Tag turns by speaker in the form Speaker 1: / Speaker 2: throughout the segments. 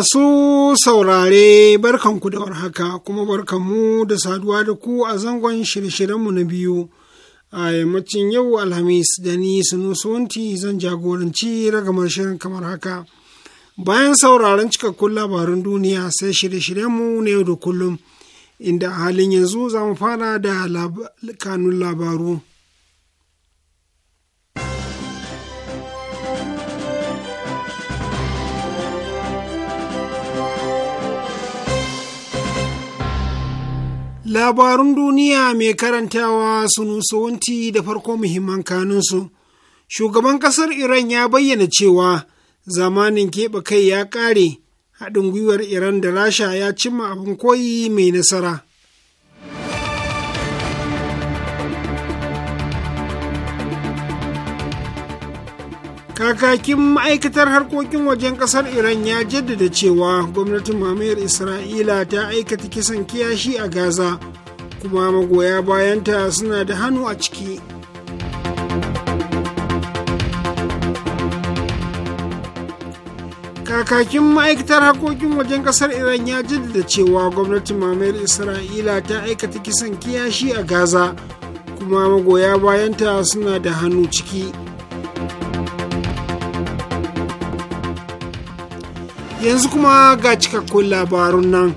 Speaker 1: Masu saurare barkanku da warhaka kuma barkanmu da saduwa da ku a zangon shirye-shiryenmu na biyu a yammacin yau Alhamis da ni Sunusuwanti zan jagoranci ragamar shirin kamar haka. Bayan sauraron cikakkun labarin duniya sai shirye-shiryenmu na yau da kullum inda a halin yanzu za mu fara da kanun labaru. Labarun duniya mai karantawa sun suwanti da farko muhimman kanunsu. Shugaban ƙasar Iran ya bayyana cewa zamanin keɓe kai ya ƙare, haɗin gwiwar Iran da Rasha ya cimma abin koyi mai nasara. kakakin ma'aikatar harkokin wajen kasar iran ya jaddada cewa gwamnatin mamayar isra'ila ta aikata kisan kiyashi a gaza kuma magoya bayanta suna da hannu a ciki kakakin ma'aikatar harkokin wajen kasar iran ya jaddada cewa gwamnatin mamayar isra'ila ta aikata kisan kiyashi a gaza kuma magoya bayanta suna da hannu ciki yanzu kuma ga cikakkun labarun nan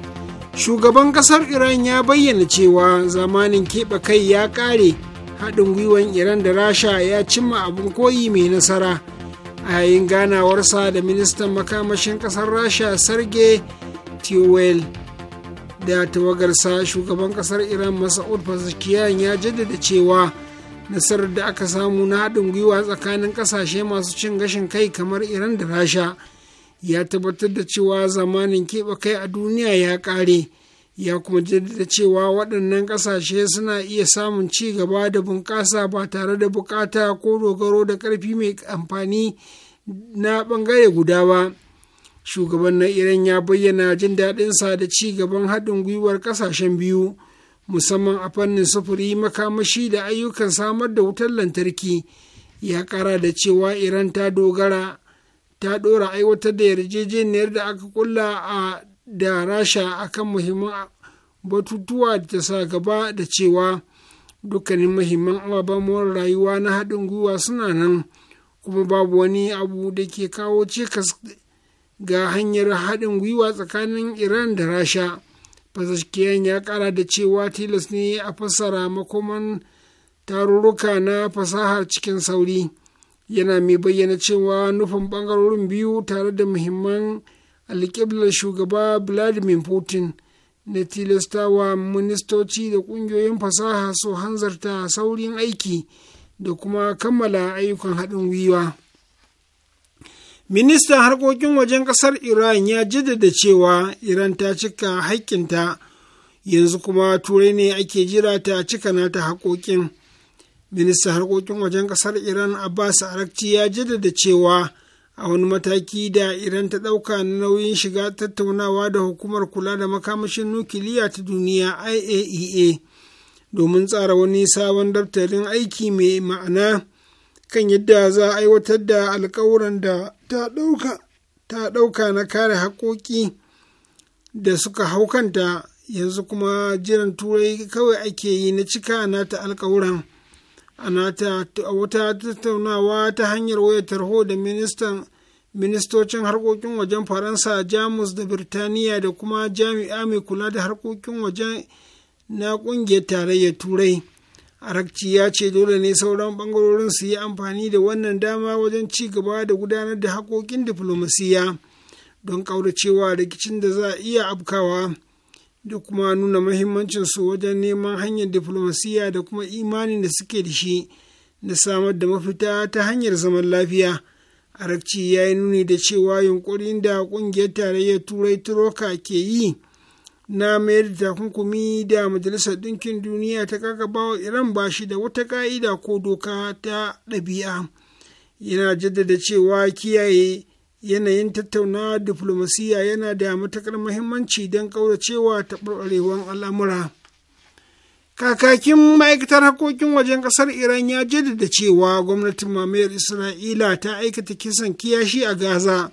Speaker 1: shugaban kasar iran ya bayyana cewa zamanin keɓe kai ya ƙare haɗin gwiwan iran da rasha ya cimma abin koyi mai nasara a yayin ganawarsa da ministan makamashin kasar rasha sarge tewel da tawagarsa shugaban kasar iran masa'ud fasakiyan ya jaddada cewa nasarar da aka samu na haɗin gwiwa tsakanin ƙasashe masu cin gashin kai kamar iran da rasha ya tabbatar da cewa zamanin keɓe kai a duniya ya ƙare ya kuma jaddada cewa waɗannan ƙasashe suna iya samun ci gaba da bunƙasa ba tare da buƙata ko dogaro da ƙarfi mai amfani na ɓangare guda ba shugaban na iran ya bayyana jin daɗinsa da ci gaban haɗin gwiwar ƙasashen biyu musamman a fannin sufuri makamashi da ayyukan samar da wutar lantarki ya ƙara da cewa iran ta dogara ta ɗora aiwatar da yarjejeniyar da aka kulla a da rasha akan muhimman batutuwa da sa gaba da cewa dukkanin muhimman ababen more rayuwa na haɗin gwiwa suna nan kuma babu wani abu da ke kawo cikas ga hanyar haɗin gwiwa tsakanin iran da rasha fasashen ya ƙara da cewa tilas ne a fassara makoman tarurruka na fasahar cikin sauri. yana mai bayyana cewa nufin ɓangarorin biyu tare da muhimman alƙiblar shugaba vladimir putin na tilastawa ministoci da ƙungiyoyin fasaha su hanzarta saurin aiki da kuma kammala ayyukan haɗin gwiwa ministan harkokin wajen ƙasar iran ya jaddada cewa iran ta cika haƙƙinta yanzu kuma turai ne ake jira ta cika nata haƙoƙin ministan harkokin wajen kasar iran abbas arakci ya jaddada cewa a wani mataki da iran ta ɗauka na nauyin shiga tattaunawa da hukumar kula da makamashin nukiliya ta duniya iaea e domin tsara wani sabon daftarin aiki mai ma'ana kan yadda za a aiwatar da alkawuran da ta ɗauka na kare haƙoƙi da suka haukanta yanzu kuma jiran turai kawai ake yi na cika nata alkawuran wata tattaunawa ta hanyar waya tarho da ministan ministocin harkokin wajen faransa jamus da birtaniya da kuma jami'a mai kula da harkokin wajen na kungiyar tarayyar turai arakci ya ce dole ne sauran bangarorin su yi amfani da wannan dama wajen ci gaba da gudanar da haƙoƙin diflomasiyya don ƙauracewa rikicin da za a iya afkawa. da kuma nuna mahimmancinsu wajen neman hanyar diflomasiyya da kuma imanin da suke da shi na samar da mafita ta hanyar zaman lafiya arakci ya yi nuni da cewa yunkurin da kungiyar tarayyar turai turoka ke yi na mayar da takunkumi da majalisar ɗinkin duniya ta kakabawa iran ba shi da wata ka'ida ko doka ta ɗabi'a yana jaddada cewa kiyaye yanayin tattaunawar diflomasiyya yana da matuƙar muhimmanci don ƙauracewa taɓarɓarewar al'amura kakakin ma'aikatar hakokin wajen ƙasar iran ya jaddada cewa gwamnatin mamayar isra'ila ta aikata kisan kiyashi a gaza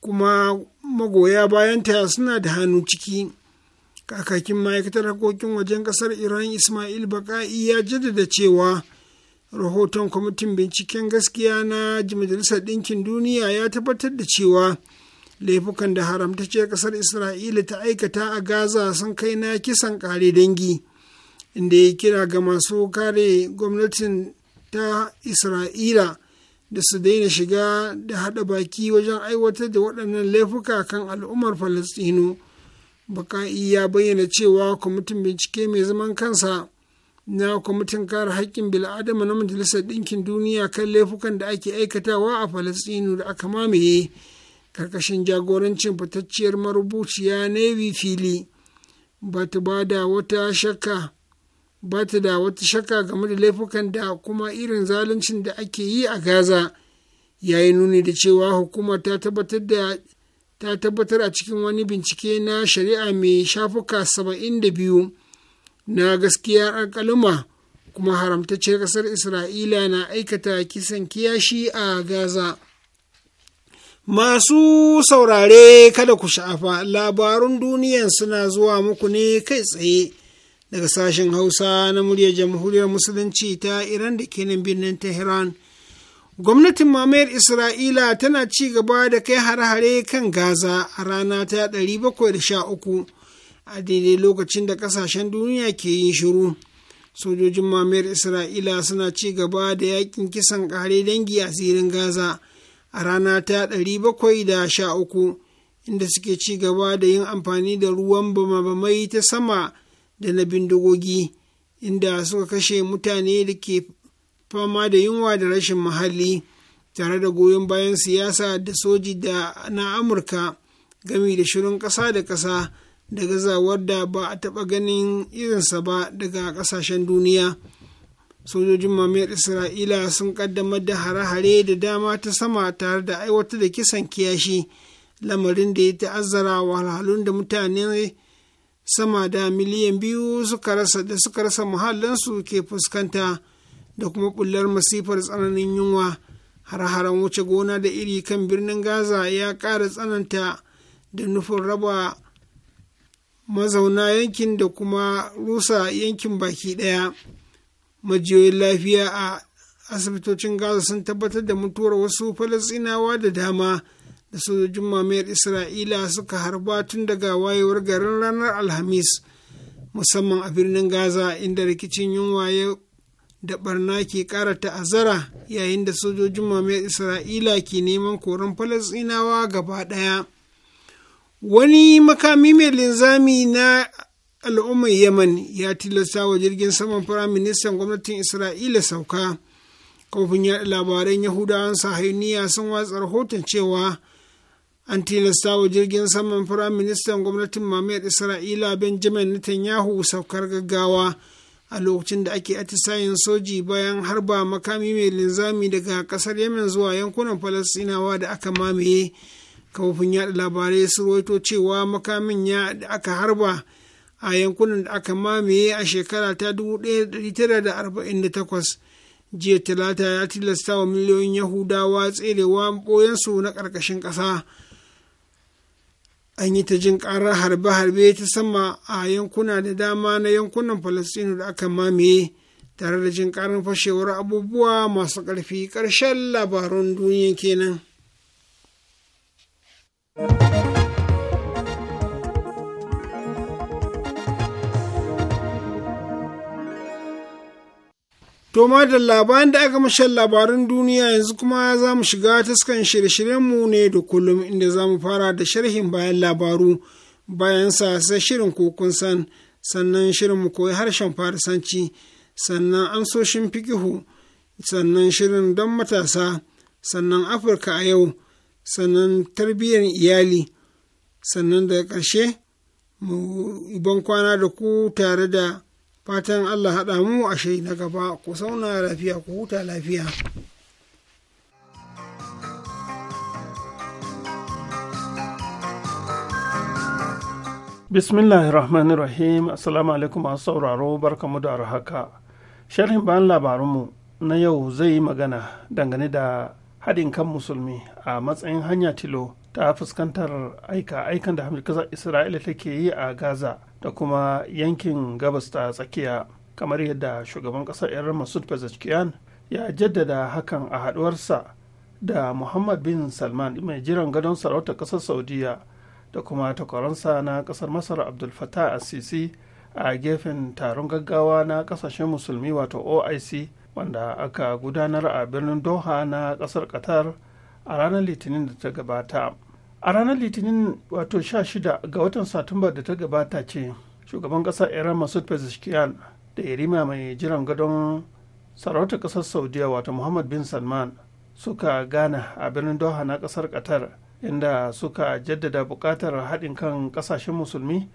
Speaker 1: kuma magoya bayanta suna da hannu ciki kakakin ma'aikatar harkokin wajen ƙasar iran ismail baka'i ya jaddada cewa rahoton kwamitin binciken gaskiya na majalisar ɗinkin duniya ya tabbatar da cewa laifukan da haramtacce ƙasar isra'ila ta aikata a gaza sun kai na kisan ƙare dangi inda ya kira ga masu kare gwamnatin ta isra'ila da su daina shiga da haɗa baki wajen aiwatar da waɗannan laifuka kan al'ummar falastino baka'i ya bayyana cewa kwamitin bincike mai zaman kansa na kwamitin kare haƙƙin bil'adama na majalisar ɗinkin duniya kan laifukan da ake aikatawa a falastinu da aka mamaye karkashin jagorancin fitacciyar marubuciya navy fili ba ta ba da wata shakka ba ta da wata shakka game da laifukan da kuma irin zaluncin da ake yi a gaza ya yi nuni da cewa hukumar ta tabbatar tabbatar a cikin wani bincike na shari'a mai shafuka saba'in da biyu na gaskiyar alkaluma kuma haramtacce ƙasar isra'ila na aikata kisan kiyashi a gaza masu saurare kada ku sha'afa labarun duniyan suna zuwa muku ne kai tsaye daga sashen hausa na muryar jamhuriyar musulunci ta iran da ke birnin tehran gwamnatin mamayar isra'ila tana ci gaba da kai hare-hare kan gaza a rana ta 713 a daidai lokacin da kasashen duniya ke yin shiru sojojin mamayar isra'ila suna ci gaba da yakin kisan kare dangi a tsirin gaza a rana ta 713 inda suke ci gaba da yin amfani da ruwan bama-bamai ta sama da na bindigogi inda suka kashe mutane da ke fama da yunwa da rashin muhalli tare da goyon bayan siyasa da soji da na amurka gami da shirin ƙasa da ƙasa da gazawar da ba a taɓa ganin irinsa ba daga ƙasashen duniya sojojin mamayar isra'ila sun ƙaddamar da hare-hare da dama ta sama tare da aiwatar da kisan kiyashi lamarin da ya ta'azzara wahalhalun da mutane sama da miliyan biyu da suka rasa muhallinsu ke fuskanta da kuma bullar masifar tsananin yunwa har-haren wuce gona da iri kan birnin gaza ya ƙara tsananta da nufin raba mazauna yankin da kuma rusa yankin baki ɗaya majiyoyin lafiya a asibitocin gaza sun tabbatar da mutuwar wasu falasinawa da dama da sojojin mamayar isra'ila suka harba tun daga wayewar garin ranar alhamis musamman a birnin gaza inda rikicin yunwa da barna ke kara ta'azzara yayin da sojojin mamayar isra'ila ke neman koran falasinawa gaba ɗaya wani makami mai linzami na al'ummar yemen ya tilasta wa jirgin saman firaministan gwamnatin isra'ila sauka kafin yaɗa labaran yahudawan sahayuniya sun watsa rahoton cewa an tilasta wa jirgin saman firaministan gwamnatin mamayar isra'ila benjamin netanyahu saukar gaggawa a lokacin da ake atisayin soji bayan harba makami mai linzami daga kasar yemen zuwa yankunan falasinawa da aka mamaye kafofin yaɗa labarai sun rawaito cewa makamin ya da aka harba a yankunan da aka mamaye a shekara ta 1948 jiya talata ya tilasta wa miliyoyin yahudawa tserewa boyansu na ƙarƙashin ƙasa an yi ta jin ƙarar harbe-harbe ta sama a yankuna da dama na yankunan falastinu da aka mamaye tare da jin ƙarar fashewar abubuwa masu ƙarfi ƙarshen labarun duniya kenan. To da labarin da aka mashan labarin duniya yanzu kuma za mu shiga taskan shirye-shiryenmu ne da kullum inda za mu fara da sharhin bayan labaru bayan sa sai shirin kokun san sannan shirin mu koyi harshen farisanci sannan amsoshin fikihu sannan shirin don matasa sannan afirka a yau sannan tarbiyyar iyali sannan da ƙarshe mu ban kwana da ku tare da fatan allah haɗa mu a na gaba ku sauna lafiya ku huta lafiya
Speaker 2: rahim Assalamu alaikum masu sauraro barkamu da arhaka. Sharhin bayan labarunmu na yau zai yi magana dangane da haɗin kan musulmi a matsayin hanya tilo ta fuskantar aika-aikan da hamdukasar isra'ila take yi a gaza da kuma yankin gabas ta tsakiya kamar yadda shugaban ƙasar iran masud pezeshkian ya jaddada hakan a haɗuwarsa da muhammad bin salman mai jiran gadon sarautar ƙasar saudiya da kuma takwaransa na ƙasar masar abdul fatah a a gefen taron gaggawa na ƙasashen musulmi wato oic wanda aka gudanar a birnin doha na kasar qatar a ranar litinin da ta gabata a ranar litinin wato 16 ga watan satumba da ta gabata ce shugaban kasar iran masu pezeshkian da yarima mai jiran gadon sarauta kasar saudiya wato muhammad bin salman suka gana a birnin doha na kasar qatar inda suka jaddada bukatar haɗin kan ƙasashen musulmi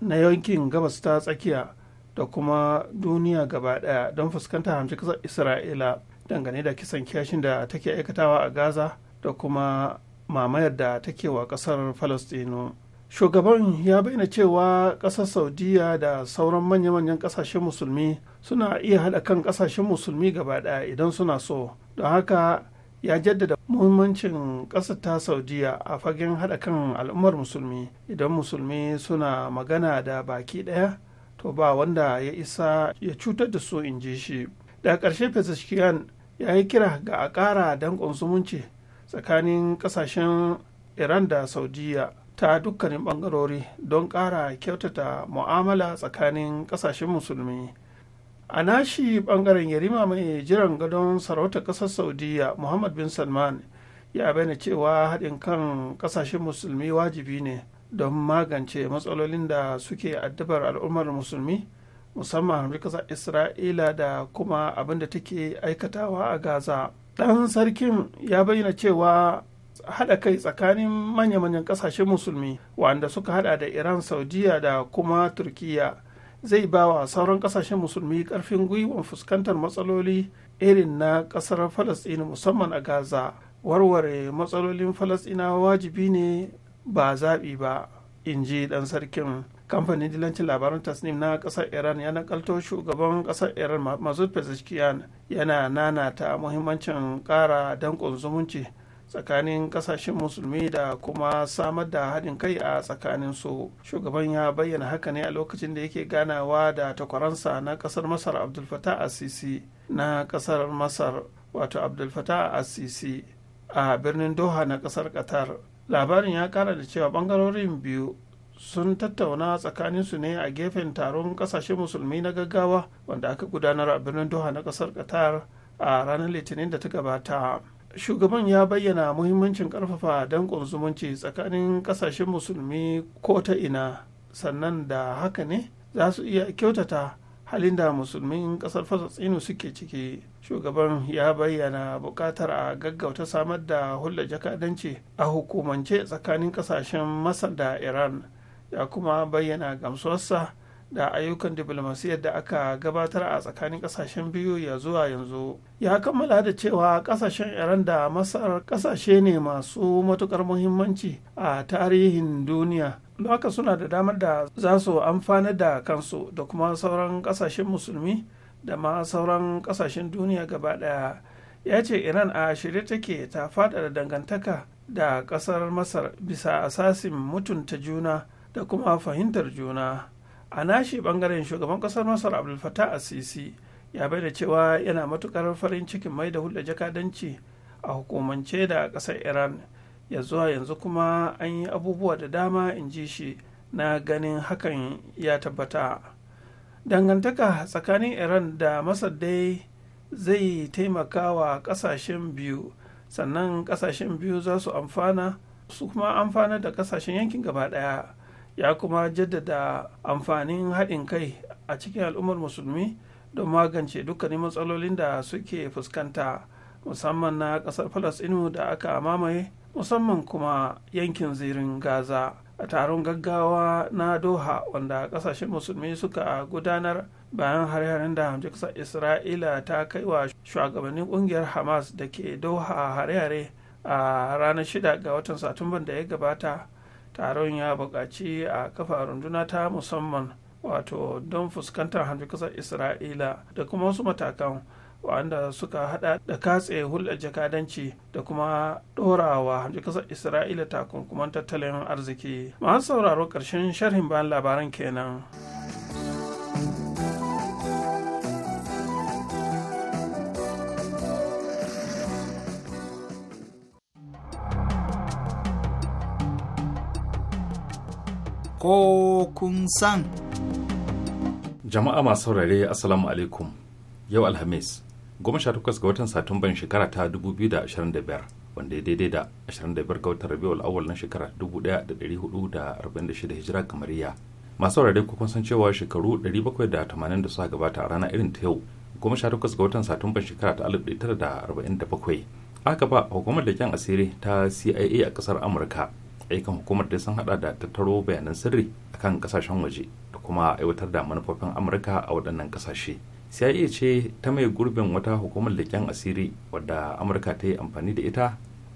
Speaker 2: na yankin gabas ta tsakiya da kuma duniya gaba ɗaya don fuskantar hamshi ƙasar isra'ila dangane da kisan kiyashin da take aikatawa a gaza da kuma mamayar da take wa ƙasar falastinu shugaban ya bayyana cewa ƙasar saudiya da sauran manya-manyan ƙasashen musulmi suna iya haɗa kan ƙasashen musulmi gaba daya idan suna so don haka ya jaddada muhimmancin ƙasar ta saudiya a fagen haɗa kan al'ummar musulmi idan musulmi suna magana da baki ɗaya to ba wanda ya isa ya cutar da su in ji shi da ƙarshe pezeshkian ya yi kira ga a ƙara danƙon zumunci tsakanin ƙasashen iran da saudiya ta dukkanin ɓangarori don ƙara kyautata mu'amala tsakanin ƙasashen musulmi a nashi ɓangaren yarima mai jiran gadon sarautar ƙasar saudiya muhammad bin salman ya bayyana cewa haɗin kan ƙasashen musulmi wajibi ne don magance matsalolin da suke addabar al'ummar musulmi musamman rikasa isra'ila da kuma abin da take aikatawa a gaza ɗan sarkin ya bayyana cewa haɗa kai tsakanin manya-manyan ƙasashen musulmi wanda suka haɗa da iran saudiya da kuma turkiya zai ba wa sauran ƙasashen musulmi ƙarfin gwiwan fuskantar matsaloli irin na ƙasar falasɗin musamman a gaza warware matsalolin falasɗinawa wajibi ne ba zaɓi ba in ji ɗan sarkin kamfanin dilancin labaran tasnim na ƙasar iran ya nakalto shugaban ƙasar iran masud pezeshkian yana nanata muhimmancin ƙara danƙon zumunci tsakanin ƙasashen musulmi da kuma samar da haɗin kai a tsakanin su shugaban ya bayyana haka ne a lokacin da yake ganawa da takwaransa na ƙasar masar abdul fatah asisi na ƙasar masar wato abdul fatah asisi a birnin doha na ƙasar qatar labarin ya kara da cewa bangarorin biyu sun tattauna tsakaninsu ne a gefen taron kasashen musulmi na gaggawa wanda aka gudanar a birnin doha na kasar qatar a ranar litinin da ta gabata shugaban ya bayyana muhimmancin karfafa dankon zumunci tsakanin kasashen musulmi ko ta ina sannan da haka ne za su iya kyautata halin da musulmin kasar falasɗinu suke ciki shugaban ya bayyana buƙatar a gaggauta samar da hulla jakadanci a hukumance tsakanin ƙasashen masar da iran ya kuma bayyana gamsuwarsa da ayyukan diflomasiyyar da aka gabatar a tsakanin kasashen biyu ya zuwa yanzu ya kammala da cewa kasashen iran da masar kasashe ne masu matukar muhimmanci a tarihin duniya don haka suna da damar da za su amfana da kansu da kuma sauran kasashen musulmi da ma sauran kasashen duniya gaba daya ya ce iran a shirye take ta faɗaɗa dangantaka da kasar masar bisa asasin mutunta juna da kuma fahimtar juna a nashi bangaren shugaban kasar masar abdul fatah asisi ya bai da cewa yana matukar farin cikin mai da hulɗa jakadanci a hukumance da ƙasar iran ya zuwa yanzu kuma an yi abubuwa da dama in ji shi na ganin hakan ya tabbata dangantaka tsakanin iran da masar dai zai taimaka wa ƙasashen biyu sannan ƙasashen biyu za su amfana su kuma amfana da ƙasashen yankin gaba ɗaya ya kuma jaddada amfanin haɗin kai a cikin al'ummar musulmi don magance dukkanin matsalolin da suke fuskanta musamman na ƙasar falasɗinu da aka mamaye musamman kuma yankin zirin gaza a taron gaggawa na doha wanda ƙasashen musulmi suka gudanar bayan hare-haren da hamjiksa isra'ila ta kai wa shugabannin ƙungiyar hamas da ke doha hare-hare a ranar shida ga watan satumban da ya gabata taron ya buƙaci a kafa runduna ta musamman wato don fuskantar hannun kasar isra'ila da kuma wasu matakan wanda suka hada da katse hulɗar jakadanci da kuma ɗorawa hannun kasar isra'ila takunkuman tattalin arziki masu sauraro ƙarshen sharhin bayan labaran kenan.
Speaker 3: ko kun san.
Speaker 4: Jama'a masu saurare Assalamu alaikum yau Alhamis goma sha takwas ga watan Satumban shekara ta 2025 wanda ya daidai da 25 ga watan Rabiul Awwal na shekara 1446 Hijira kamariya. Masu saurare ku kun san cewa shekaru 780 da suka gabata a rana irin ta yau goma sha takwas ga watan Satumban shekara ta 1947 aka ba hukumar leken asiri ta CIA a kasar Amurka ayyukan hukumar da sun hada da tattaro bayanan sirri akan kasashen waje da kuma aiwatar da manufofin amurka a waɗannan kasashe cia ce ta mai gurbin wata hukumar leƙen asiri wadda amurka ta yi amfani da ita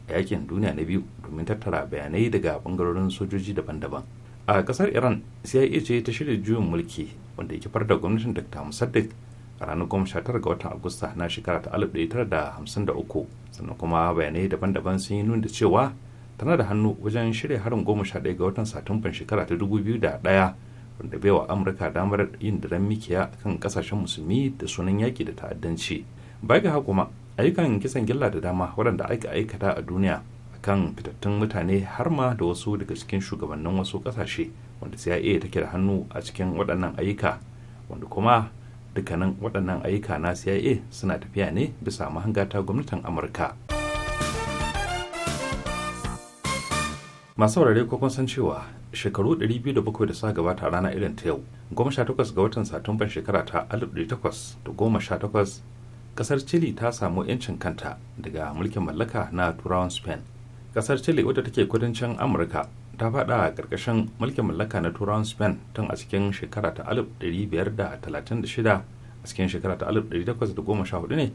Speaker 4: a yakin duniya na biyu domin tattara bayanai daga bangarorin sojoji daban-daban a kasar iran cia ce ta shirya juyin mulki wanda ya kifar da gwamnatin dr musaddiq a ranar 19 ga watan agusta na shekara ta alif da da uku sannan kuma bayanai daban-daban sun yi nuna da cewa tana da hannu wajen shirya harin goma sha ɗaya ga watan satumban shekara ta dubu biyu da ɗaya wanda bai wa amurka damar yin daren mikiya kan kasashen musulmi da sunan yaƙi da ta'addanci baya ga kuma ayyukan kisan gilla da dama waɗanda aka aikata a duniya akan fitattun mutane har ma da wasu daga cikin shugabannin wasu kasashe wanda CIA take da hannu a cikin waɗannan ayyuka wanda kuma dukkanin waɗannan ayyuka na CIA suna tafiya ne bisa mahanga ta gwamnatin Amurka. masu saurare ko kun san cewa shekaru 207 da suka gabata rana irin ta yau 18 ga watan satumban shekara ta 1818 kasar chile ta samu 'yancin kanta daga mulkin mallaka na turawan spain kasar chile wadda take kudancin amurka ta fada a karkashin mulkin mallaka na turawan spain tun a cikin shekara ta 1536 a cikin shekara ta 1814 ne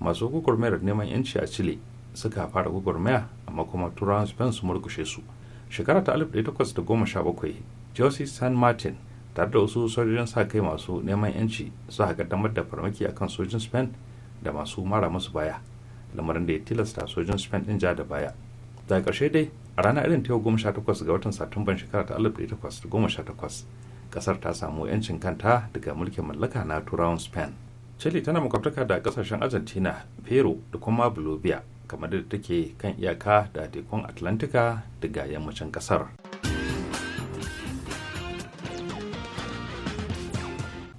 Speaker 4: masu gwagwarmayar neman 'yanci a chile suka fara gwagwarmaya amma kuma turawan spain su murkushe su shekara ta 1817 josie san martin tare da wasu sojojin sa kai masu neman yanci su haka da farmaki akan sojin spain da masu mara musu baya lamarin da ya tilasta sojin spain din ja da baya daga ƙarshe dai a ranar irin ta 18 ga watan satumban shekara ta 1818 ƙasar ta samu yancin kanta daga mulkin mallaka na turawan spain chile tana makwabtaka da ƙasashen argentina peru da kuma bolivia kamar da take kan iyaka da tekun atlantika daga yammacin kasar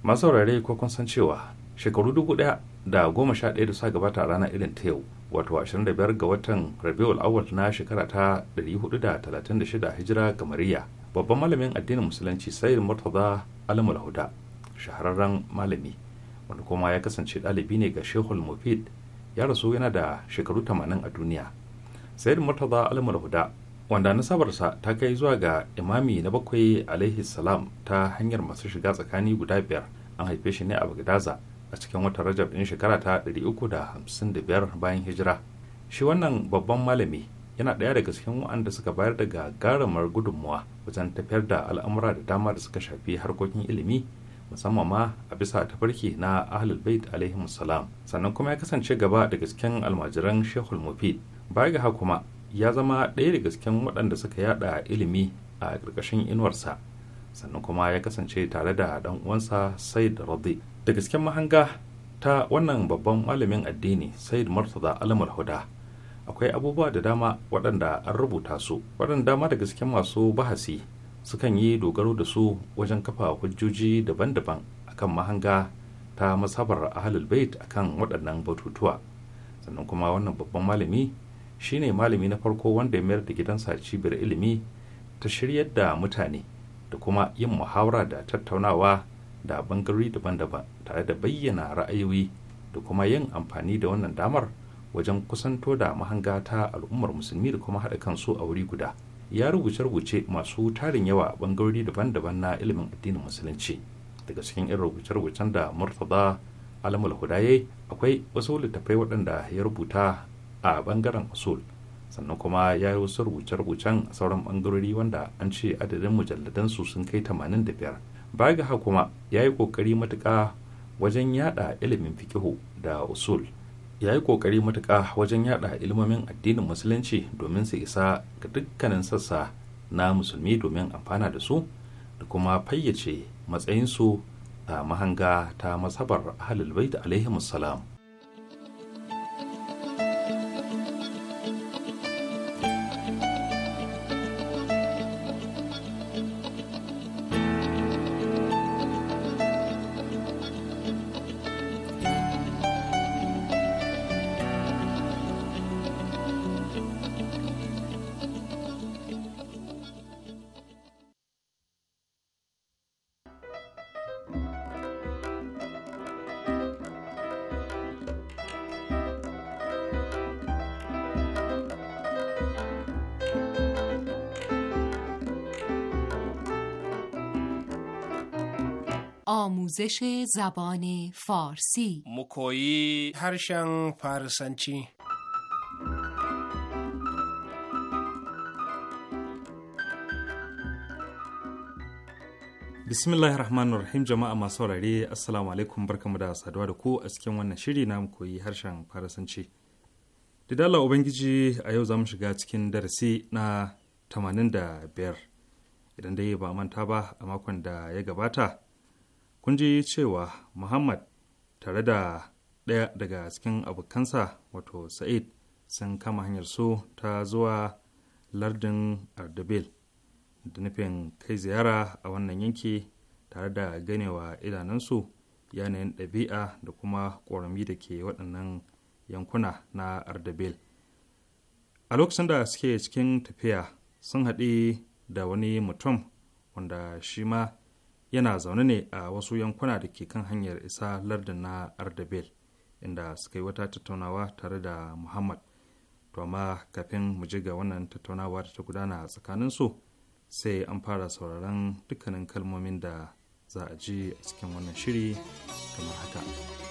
Speaker 4: masaurare ko kun san cewa shekaru dubu daya da goma sha daya da sa gabata a ranar irin ta yau wato 25 ga watan rabiul awal na shekara ta 436 hijira gamariya babban malamin addinin musulunci sayyid murtaza alamul huda shahararren malami wanda kuma ya kasance dalibi ne ga shehul mufid ya rasu yana da shekaru 80 a duniya sayyid murtaza alamul huda wanda nasabarsa ta kai zuwa ga imami na bakwai alaihi salam ta hanyar masu shiga tsakani guda biyar an haife shi ne a bagdaza a cikin wata rajab din shekara ta 355 bayan hijira shi wannan babban malami yana ɗaya daga cikin waɗanda suka bayar daga garamar gudunmuwa wajen tafiyar da al'amura da dama da suka shafi harkokin ilimi musamman ma a bisa tafarki na ahlul bait alaihi salam sannan kuma ya kasance gaba da gasken almajiran shehul mufid baya ga kuma ya zama ɗaya da gasken waɗanda suka yada ilimi a ƙarƙashin inuwarsa sannan kuma ya kasance tare da ɗan uwansa said radi da gasken mahanga ta wannan babban malamin addini said murtaza alamul huda akwai abubuwa da dama waɗanda an rubuta su waɗanda dama da gasken masu bahasi sukan yi dogaro da su wajen kafa hujjoji daban-daban akan mahanga ta masabar halin bait akan waɗannan batutuwa sannan kuma wannan babban malami shine malami na farko wanda ya mayar da gidansa cibiyar ilimi ta shiryar da mutane da kuma yin muhawara da tattaunawa da bangarori daban-daban tare da bayyana ra'ayoyi da kuma yin amfani da wannan damar wajen kusanto da mahanga ta al'ummar musulmi da kuma haɗa kansu a wuri guda. ya rubuce-rubuce masu tarin yawa a bangarori daban-daban na ilimin addinin musulunci daga cikin irin rubuce-rubucen da murtaza alamul hudaye akwai wasu littattafai waɗanda ya rubuta a bangaren usul sannan kuma ya yi wasu rubuce-rubucen sauran bangarori wanda an ce adadin mujalladansu sun kai tamanin 85 baya ga kuma ya yi ƙoƙari matuƙa wajen yada ilimin fikihu da usul ya yi ƙoƙari matuƙa wajen yada ilmomin addinin musulunci domin su isa ga dukkanin sassa na musulmi domin amfana da su da kuma fayyace matsayinsu a mahanga ta masabar ahlul bait alaihimus
Speaker 5: آموزش زبان فارسی
Speaker 4: مکویی
Speaker 6: هرشن فارسنچی
Speaker 4: bismillahi rahmanir rahim jama'a masu saurare assalamu alaikum barkamu da saduwa da ku a cikin wannan shiri na koyi harshen farasanci da dala ubangiji a yau za mu shiga cikin darasi na 85 idan dai ba manta ba a makon da ya gabata kun ji cewa muhammad tare da ɗaya daga cikin abokansa wato sa'id sun kama hanyar su ta zuwa lardin ardabil da nufin kai ziyara a wannan yanki tare da ganewa idanunsu yanayin ɗabi'a da kuma ƙorami da ke waɗannan yankuna na ardabil a lokacin da suke cikin tafiya sun haɗi da wani mutum wanda shi ma yana zaune ne a wasu yankuna da ke kan hanyar isa lardin na ardabel inda suka yi wata tattaunawa tare da muhammad to amma kafin mu ji ga wannan tattaunawa da ta gudana a su sai an fara sauraron dukkanin kalmomin da za a ji a cikin wannan shiri kamar haka.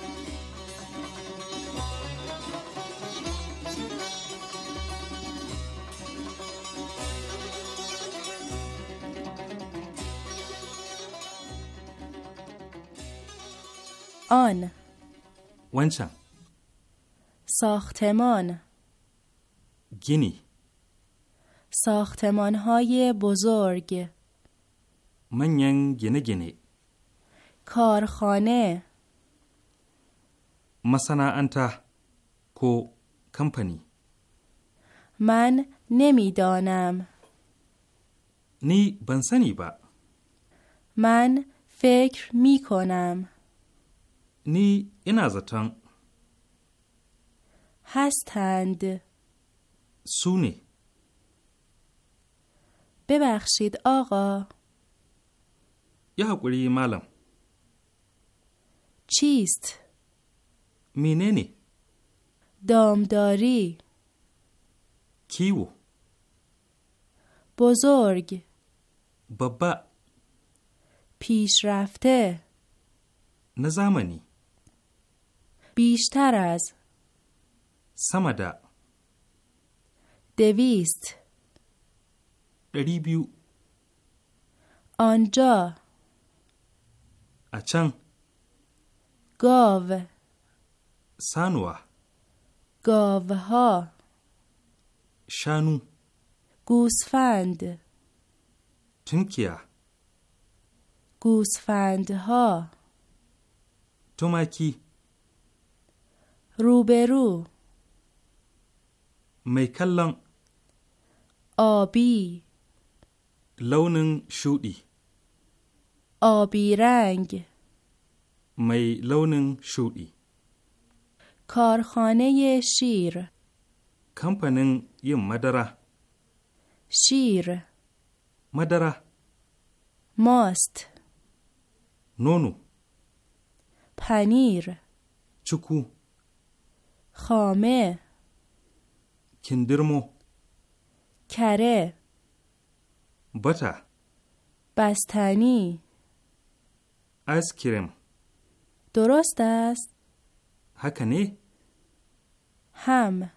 Speaker 4: آن ونچن
Speaker 5: ساختمان گینی ساختمان های بزرگ
Speaker 4: منین گینه گینه
Speaker 5: کارخانه
Speaker 4: انتا کو کمپنی
Speaker 5: من نمیدانم
Speaker 4: نی بنسنی با
Speaker 5: من فکر می کنم
Speaker 4: نی اینا زتن
Speaker 5: هستند سونی ببخشید آقا
Speaker 4: یه حقوری مالم
Speaker 5: چیست؟
Speaker 4: میننی
Speaker 5: دامداری کیو بزرگ بابا پیشرفته
Speaker 4: نزامنی
Speaker 5: بیشتر از سمدا دویست ریبیو آنجا اچن گاو سانوا گاوها شانو گوسفند تنکیا گوسفندها
Speaker 4: توماکی
Speaker 5: روبرو
Speaker 4: میکلن
Speaker 5: آبی
Speaker 4: لونن شودی
Speaker 5: آبی رنگ
Speaker 4: می لونن شودی
Speaker 5: کارخانه شیر
Speaker 4: کمپنن یم مدرا
Speaker 5: شیر مدرا ماست نونو پنیر چکو خامه کندرمو کره بطه بستنی
Speaker 4: از کرم
Speaker 5: درست است
Speaker 4: هکنه هم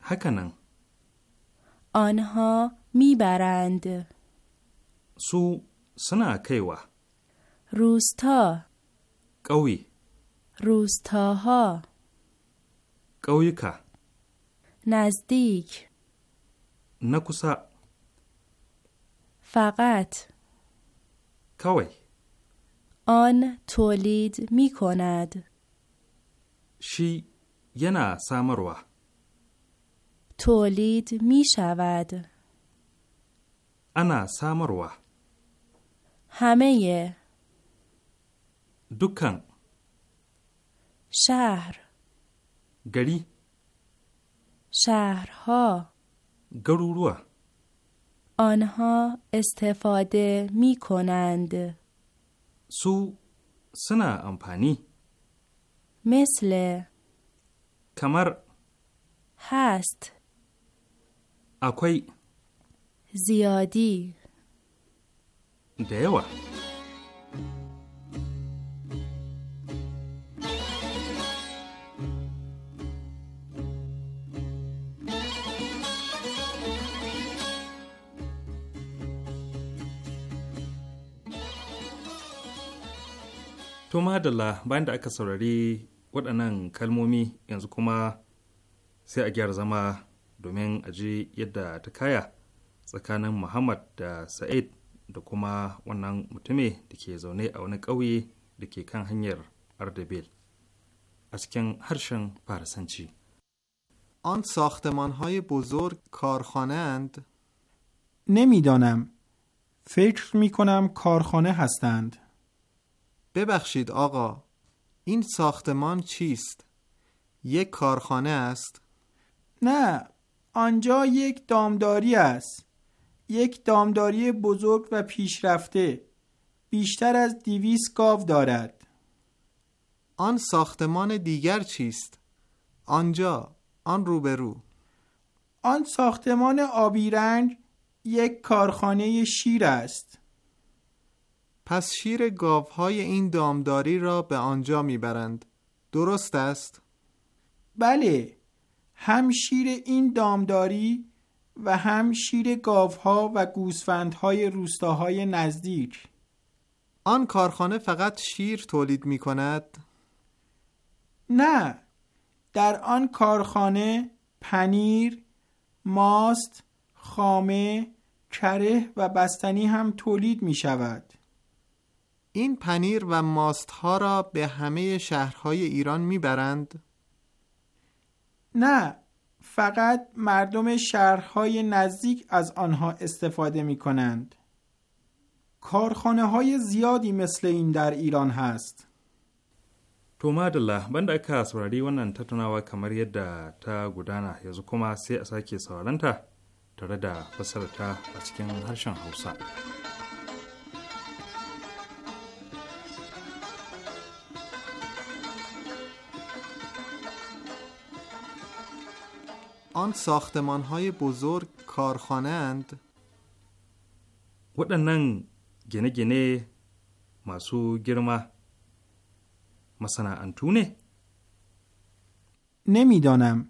Speaker 4: هکنن
Speaker 5: آنها میبرند
Speaker 4: سو سنا کیوا
Speaker 5: روستا قوی روستاها قویکا نزدیک نکوسا فقط کوی آن تولید می کند
Speaker 4: شی ینا سامروا
Speaker 5: تولید می شود
Speaker 4: انا سامروا
Speaker 5: همه دکان شهر گری شهرها گرورو آنها استفاده می کنند
Speaker 4: سو سنا امپانی
Speaker 5: مثل کمر هست اکوی زیادی
Speaker 4: دیوه To madalla bayan da aka saurari waɗannan kalmomi yanzu kuma sai a gyara zama domin a ji yadda ta kaya tsakanin Muhammad da Sa'id da kuma wannan mutume da ke zaune a wani ƙauye da ke kan hanyar Ardabil a cikin harshen Farisanci. آن ساختمان های بزرگ
Speaker 7: کارخانه
Speaker 8: نمیدانم فکر می کنم کارخانه هستند
Speaker 7: ببخشید آقا این ساختمان چیست؟ یک کارخانه است؟
Speaker 8: نه آنجا یک دامداری است یک دامداری بزرگ و پیشرفته
Speaker 7: بیشتر از دیویس گاو دارد آن ساختمان دیگر چیست؟ آنجا آن روبرو
Speaker 8: آن ساختمان آبی رنگ یک کارخانه شیر است
Speaker 7: پس شیر گاوهای این دامداری را به آنجا میبرند درست است؟ بله هم شیر این دامداری
Speaker 8: و هم شیر گاوها و گوسفندهای روستاهای نزدیک آن کارخانه فقط شیر تولید می کند؟ نه در آن کارخانه پنیر، ماست، خامه، کره و بستنی هم تولید می شود
Speaker 7: این پنیر و ماست ها را به همه شهرهای ایران میبرند؟ نه فقط مردم
Speaker 8: شهرهای نزدیک از آنها استفاده می کنند. کارخانه های زیادی مثل این در ایران هست.
Speaker 4: To madalla بند aka saurari wannan tattaunawa kamar yadda ta gudana yanzu kuma sai a sake sauranta tare da fasarta a cikin harshen Hausa.
Speaker 7: آن ساختمان های
Speaker 4: بزرگ کارخانند waɗannan گنه گنه ماسو گرمه مثلا انتونه
Speaker 8: نمیدانم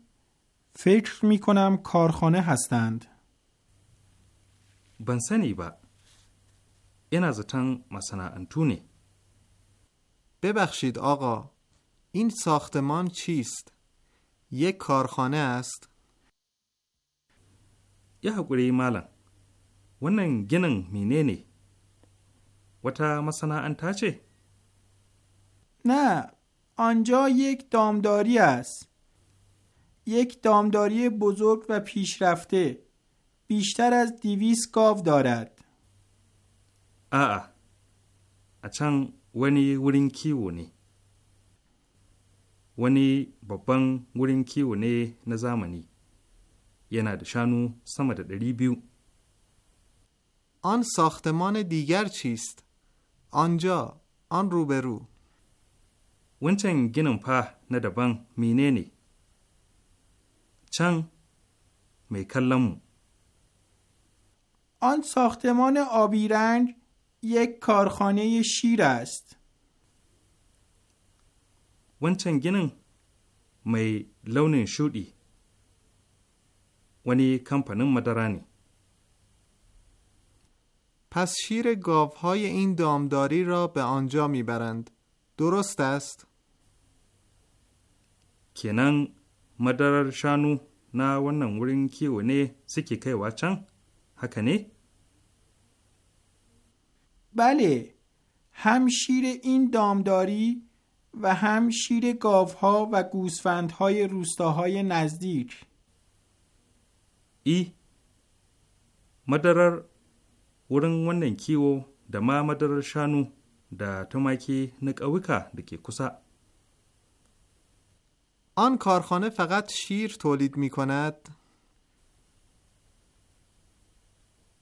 Speaker 8: فکر می کنم کارخانه
Speaker 4: هستند بنسنی با. این از تن مثلا انتونه ببخشید آقا این
Speaker 7: ساختمان چیست یک کارخانه است
Speaker 4: yi haƙuri malam wannan ginin menene wata masana'anta ce
Speaker 8: نه آنجا یک دامداری است یک دامداری بزرگ و پیشرفته بیشتر از دیویس گاو دارد
Speaker 4: آه اچان ونی ورین کیو نی ونی بابان ورین کیو نی نزامنی یعنی شانو بیو آن ساختمان دیگر چیست؟ آنجا، آن روبرو ونچن گنم پا ندبان مینینی چن میکلمو
Speaker 8: آن ساختمان آبی یک کارخانه شیر است. ونچن
Speaker 4: گنن می لونن شودی ونی کمپنین مدرانی پس شیر
Speaker 7: های این دامداری را به آنجا میبرند درست است
Speaker 4: کنن مدرر شانو نه ونن ورین kiwo ne سکی که وچن حکنی؟
Speaker 8: بله هم شیر این دامداری و هم شیر گاوها و گوسفندهای روستاهای نزدیک
Speaker 4: I e, madarar wurin wannan kiwo da ma madarar shanu da tumaki na ƙauyuka da ke kusa.
Speaker 7: An کارخانه فقط شیر tolid mikonat.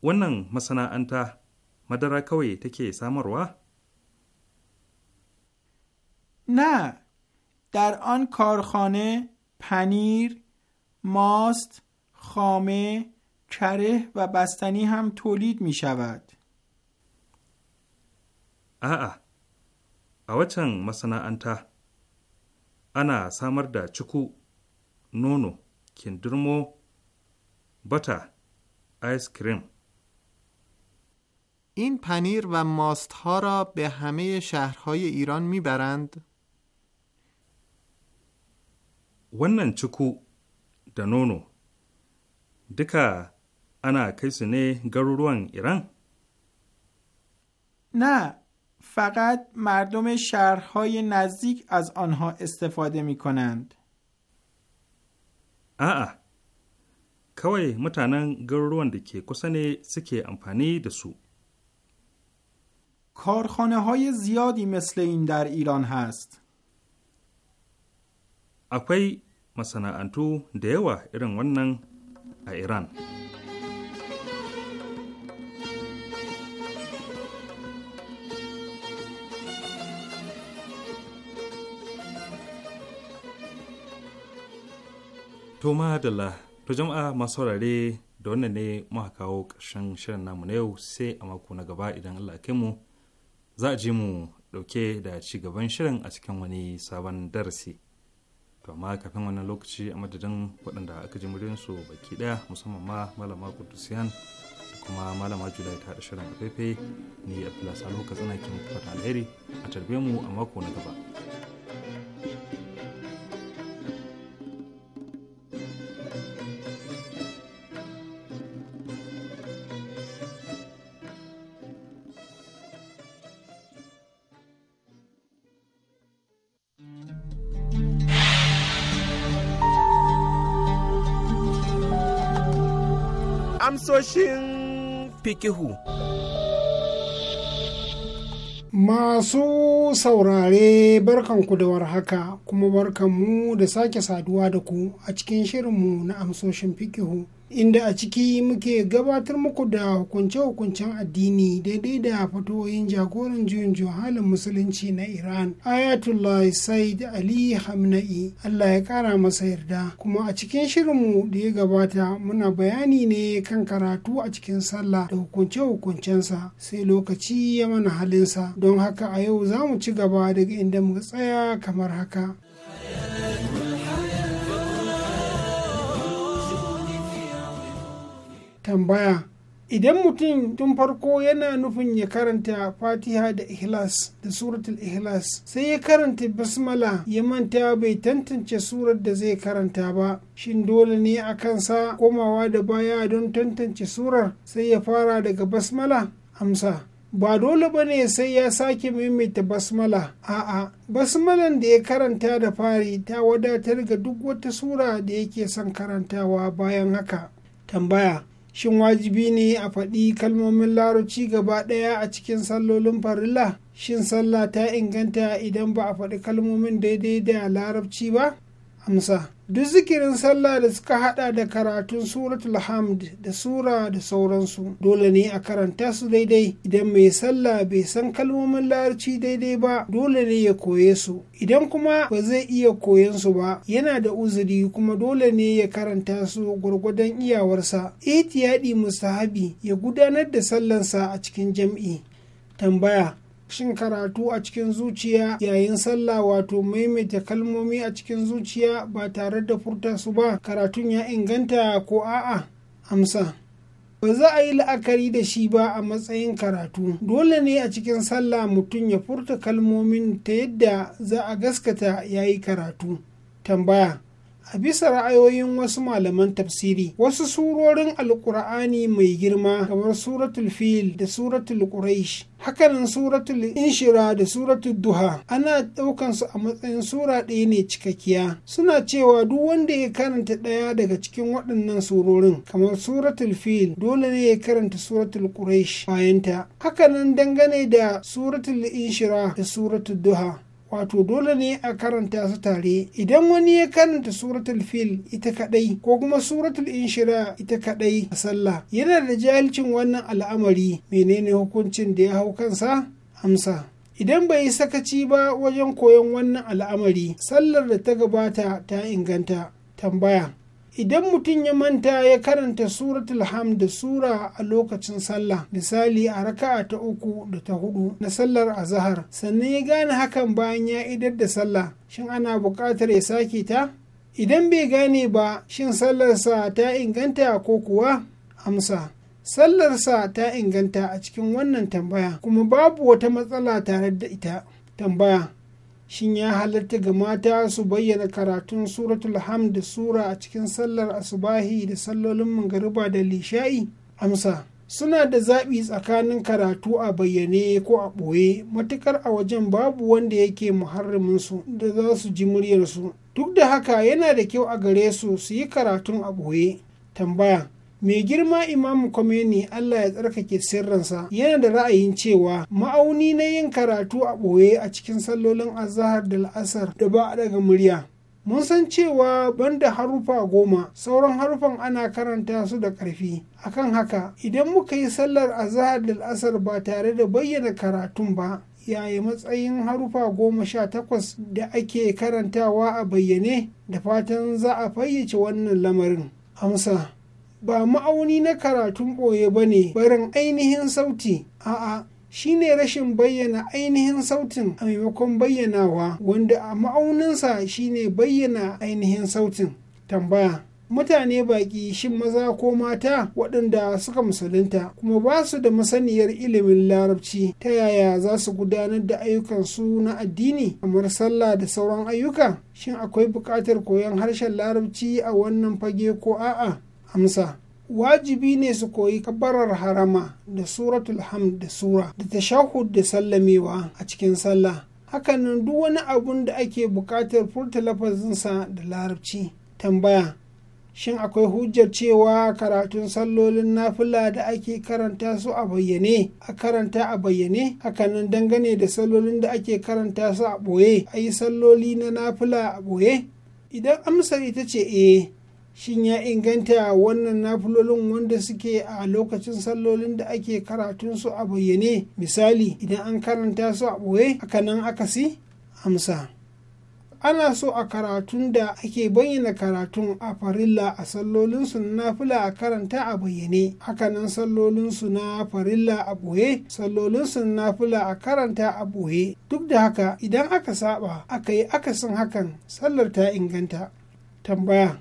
Speaker 4: wannan masana'anta madara kawai take samarwa? Na,
Speaker 8: dar an کارخانه panir, ماست خامه، کره و بستنی هم تولید می شود.
Speaker 4: آه آه. اوچن مسنا انتا. انا سامر چکو نونو کندرمو باتا آیس کریم. این پنیر و
Speaker 7: ماست ها را به همه شهرهای ایران می برند؟
Speaker 4: ونن چکو دا نونو duka ana kai نه ایران؟
Speaker 8: نه فقط مردم شهرهای نزدیک از آنها استفاده
Speaker 4: می کنند. A'a, kawai mutanen garuruwan da ke kusa ne suke amfani da su. کارخانه های زیادی مثل این در ایران هست. akwai مثلا انتو دیوه ایران wannan a iran To to jama'a masu saurare da wannan ne muka kawo ƙarshen shirin namu na yau sai a mako na gaba idan Allah kai mu za a ji mu ɗauke da ci gaban shirin a cikin wani sabon darasi. to amma kafin wannan lokaci a madadin waɗanda aka ji su baki ɗaya musamman ma malama kudusiyan kuma malama julai ta da shirin afefe ni abdullahi salo ka tsana fata alheri a tarbe mu a mako na gaba
Speaker 1: amsoshin fikihu. Masu saurare barkanku da warhaka kuma barkanmu da sake saduwa da ku a cikin shirinmu na amsoshin fikihu. inda a ciki muke gabatar muku da hukunce-hukuncen addini daidai da fatoyin jagoran juyin halin musulunci na iran ayatollah said ali hamna'i allah ya kara masa yarda kuma a cikin shirinmu da ya gabata muna bayani ne kan karatu a cikin sallah da hukunce-hukuncensa sai lokaci ya mana halinsa don haka a yau za mu ci gaba daga inda muka tsaya kamar haka. tambaya idan mutum tun farko yana nufin ya karanta fatiha da ikhlas da suratul ikhlas sai ya karanta basmala ya manta bai tantance surar da zai karanta ba shin dole ne a sa komawa da baya don tantance surar sai ya fara daga basmala amsa ba dole ba ne sai ya sake maimaita basmala a'a basmalan da ya karanta da fari ta wadatar ga duk wata sura da yake son karantawa bayan haka tambaya shin wajibi ne a faɗi kalmomin larabci gaba ɗaya a cikin sallolin farilla shin sallah ta inganta idan ba a faɗi kalmomin daidai da larabci ba amsa duk zikirin sallah da suka hada da karatun suratul hamd da sura da sauransu dole ne a karanta su daidai idan mai sallah bai san kalmomin larci daidai ba dole ne ya koye su idan kuma ba zai iya koyan su ba yana da uzuri kuma dole ne ya karanta su gwargwadon iyawarsa ihtiyadi mustahabi ya gudanar da sallansa a cikin jam'i tambaya shin karatu a cikin zuciya yayin sallah wato maimaita kalmomi a cikin zuciya ba tare da furta su ba karatun ya inganta ko a'a amsa ba za a yi la'akari da shi ba a matsayin karatu dole ne a cikin sallah mutum ya furta kalmomin ta yadda za a gaskata ya yi karatu tambaya a bisa ra'ayoyin wasu malaman tafsiri wasu surorin alkur'ani mai girma kamar suratul fil da suratul quraish hakanan suratul inshira da suratul duha ana ɗaukan su a matsayin sura ɗaya ne cikakkiya suna cewa duk wanda ya karanta ɗaya daga cikin waɗannan surorin kamar suratul fil dole ne ya karanta suratul quraish bayanta hakanan dangane da suratul inshira da suratul duha wato dole ne a karanta su tare idan wani ya karanta suratul fil ita kadai ko kuma suratul inshira ita kadai a sallah yana da jahilcin wannan al'amari menene hukuncin da ya hau kansa amsa idan bai yi sakaci ba wajen koyon wannan al'amari sallar da ta gabata ta inganta tambaya idan mutum ya manta ya karanta suratul ham da sura a lokacin sallah misali a raka'a ta uku da ta hudu na sallar azahar sannan ya gane hakan bayan ya idar da sallah shin ana buƙatar ya sake ta idan bai gane ba shin sallarsa ta inganta ko kuwa amsa sallarsa ta inganta a cikin wannan tambaya kuma babu wata matsala tare da ita tambaya shin ya halatta ga mata su bayyana karatun suratul ham da sura a cikin sallar asubahi da sallolin mangariba da lishai amsa suna da zaɓi tsakanin karatu a bayyane ko a ɓoye matukar a wajen babu wanda yake su da za su ji muryarsu duk da haka yana da kyau a gare su su yi karatun a ɓoye tambaya mai girma imamu Khomeini Allah ya tsarkake sirrinsa yana da ra'ayin cewa ma'auni na yin karatu a ɓoye a cikin sallolin azahar da la'asar da ba a daga murya mun san cewa ban da harufa goma sauran harufan ana karanta su da ƙarfi akan haka idan muka yi sallar azahar da la'asar ba tare da bayyana karatun ba yaya matsayin harufa goma sha takwas da ake karantawa a bayyane da fatan za a fayyace wannan lamarin amsa ba ma'auni na karatun ɓoye ba ne barin ainihin sauti a'a ne rashin bayyana ainihin sautin a maimakon bayyanawa wanda a ma'auninsa shi ne bayyana ainihin sautin tambaya mutane baƙi shin maza ko mata waɗanda suka musulunta kuma ba su da masaniyar ilimin larabci ta yaya za su gudanar da ayyukansu na addini kamar sallah da sauran ayyuka shin akwai buƙatar koyon harshen larabci a wannan fage ko a'a amsa. wajibi ne su koyi kabarar harama da suratul hamd da sura da tashahud da sallamewa a cikin sallah hakanan duk wani abun da ake buƙatar furta lafazinsa da larabci tambaya shin akwai hujjar cewa karatun sallolin nafila da ake karanta su a bayyane a karanta a bayyane hakanan dangane da sallolin da ake karanta su a ɓoye a yi salloli na nafila a boye idan amsar ita ce eh shin ya inganta wannan nafilolin wanda suke a lokacin sallolin da ake karatun su a bayyane misali idan an karanta su a ɓoye aka akasi amsa ana so a karatun da ake bayyana karatun a farilla a sallolinsu na nafila a karanta a bayyane hakanan sallolinsu na farilla a ɓoye sallolinsu na nafila a karanta a ɓoye duk da haka idan aka saba aka yi akasin hakan sallar ta inganta tambaya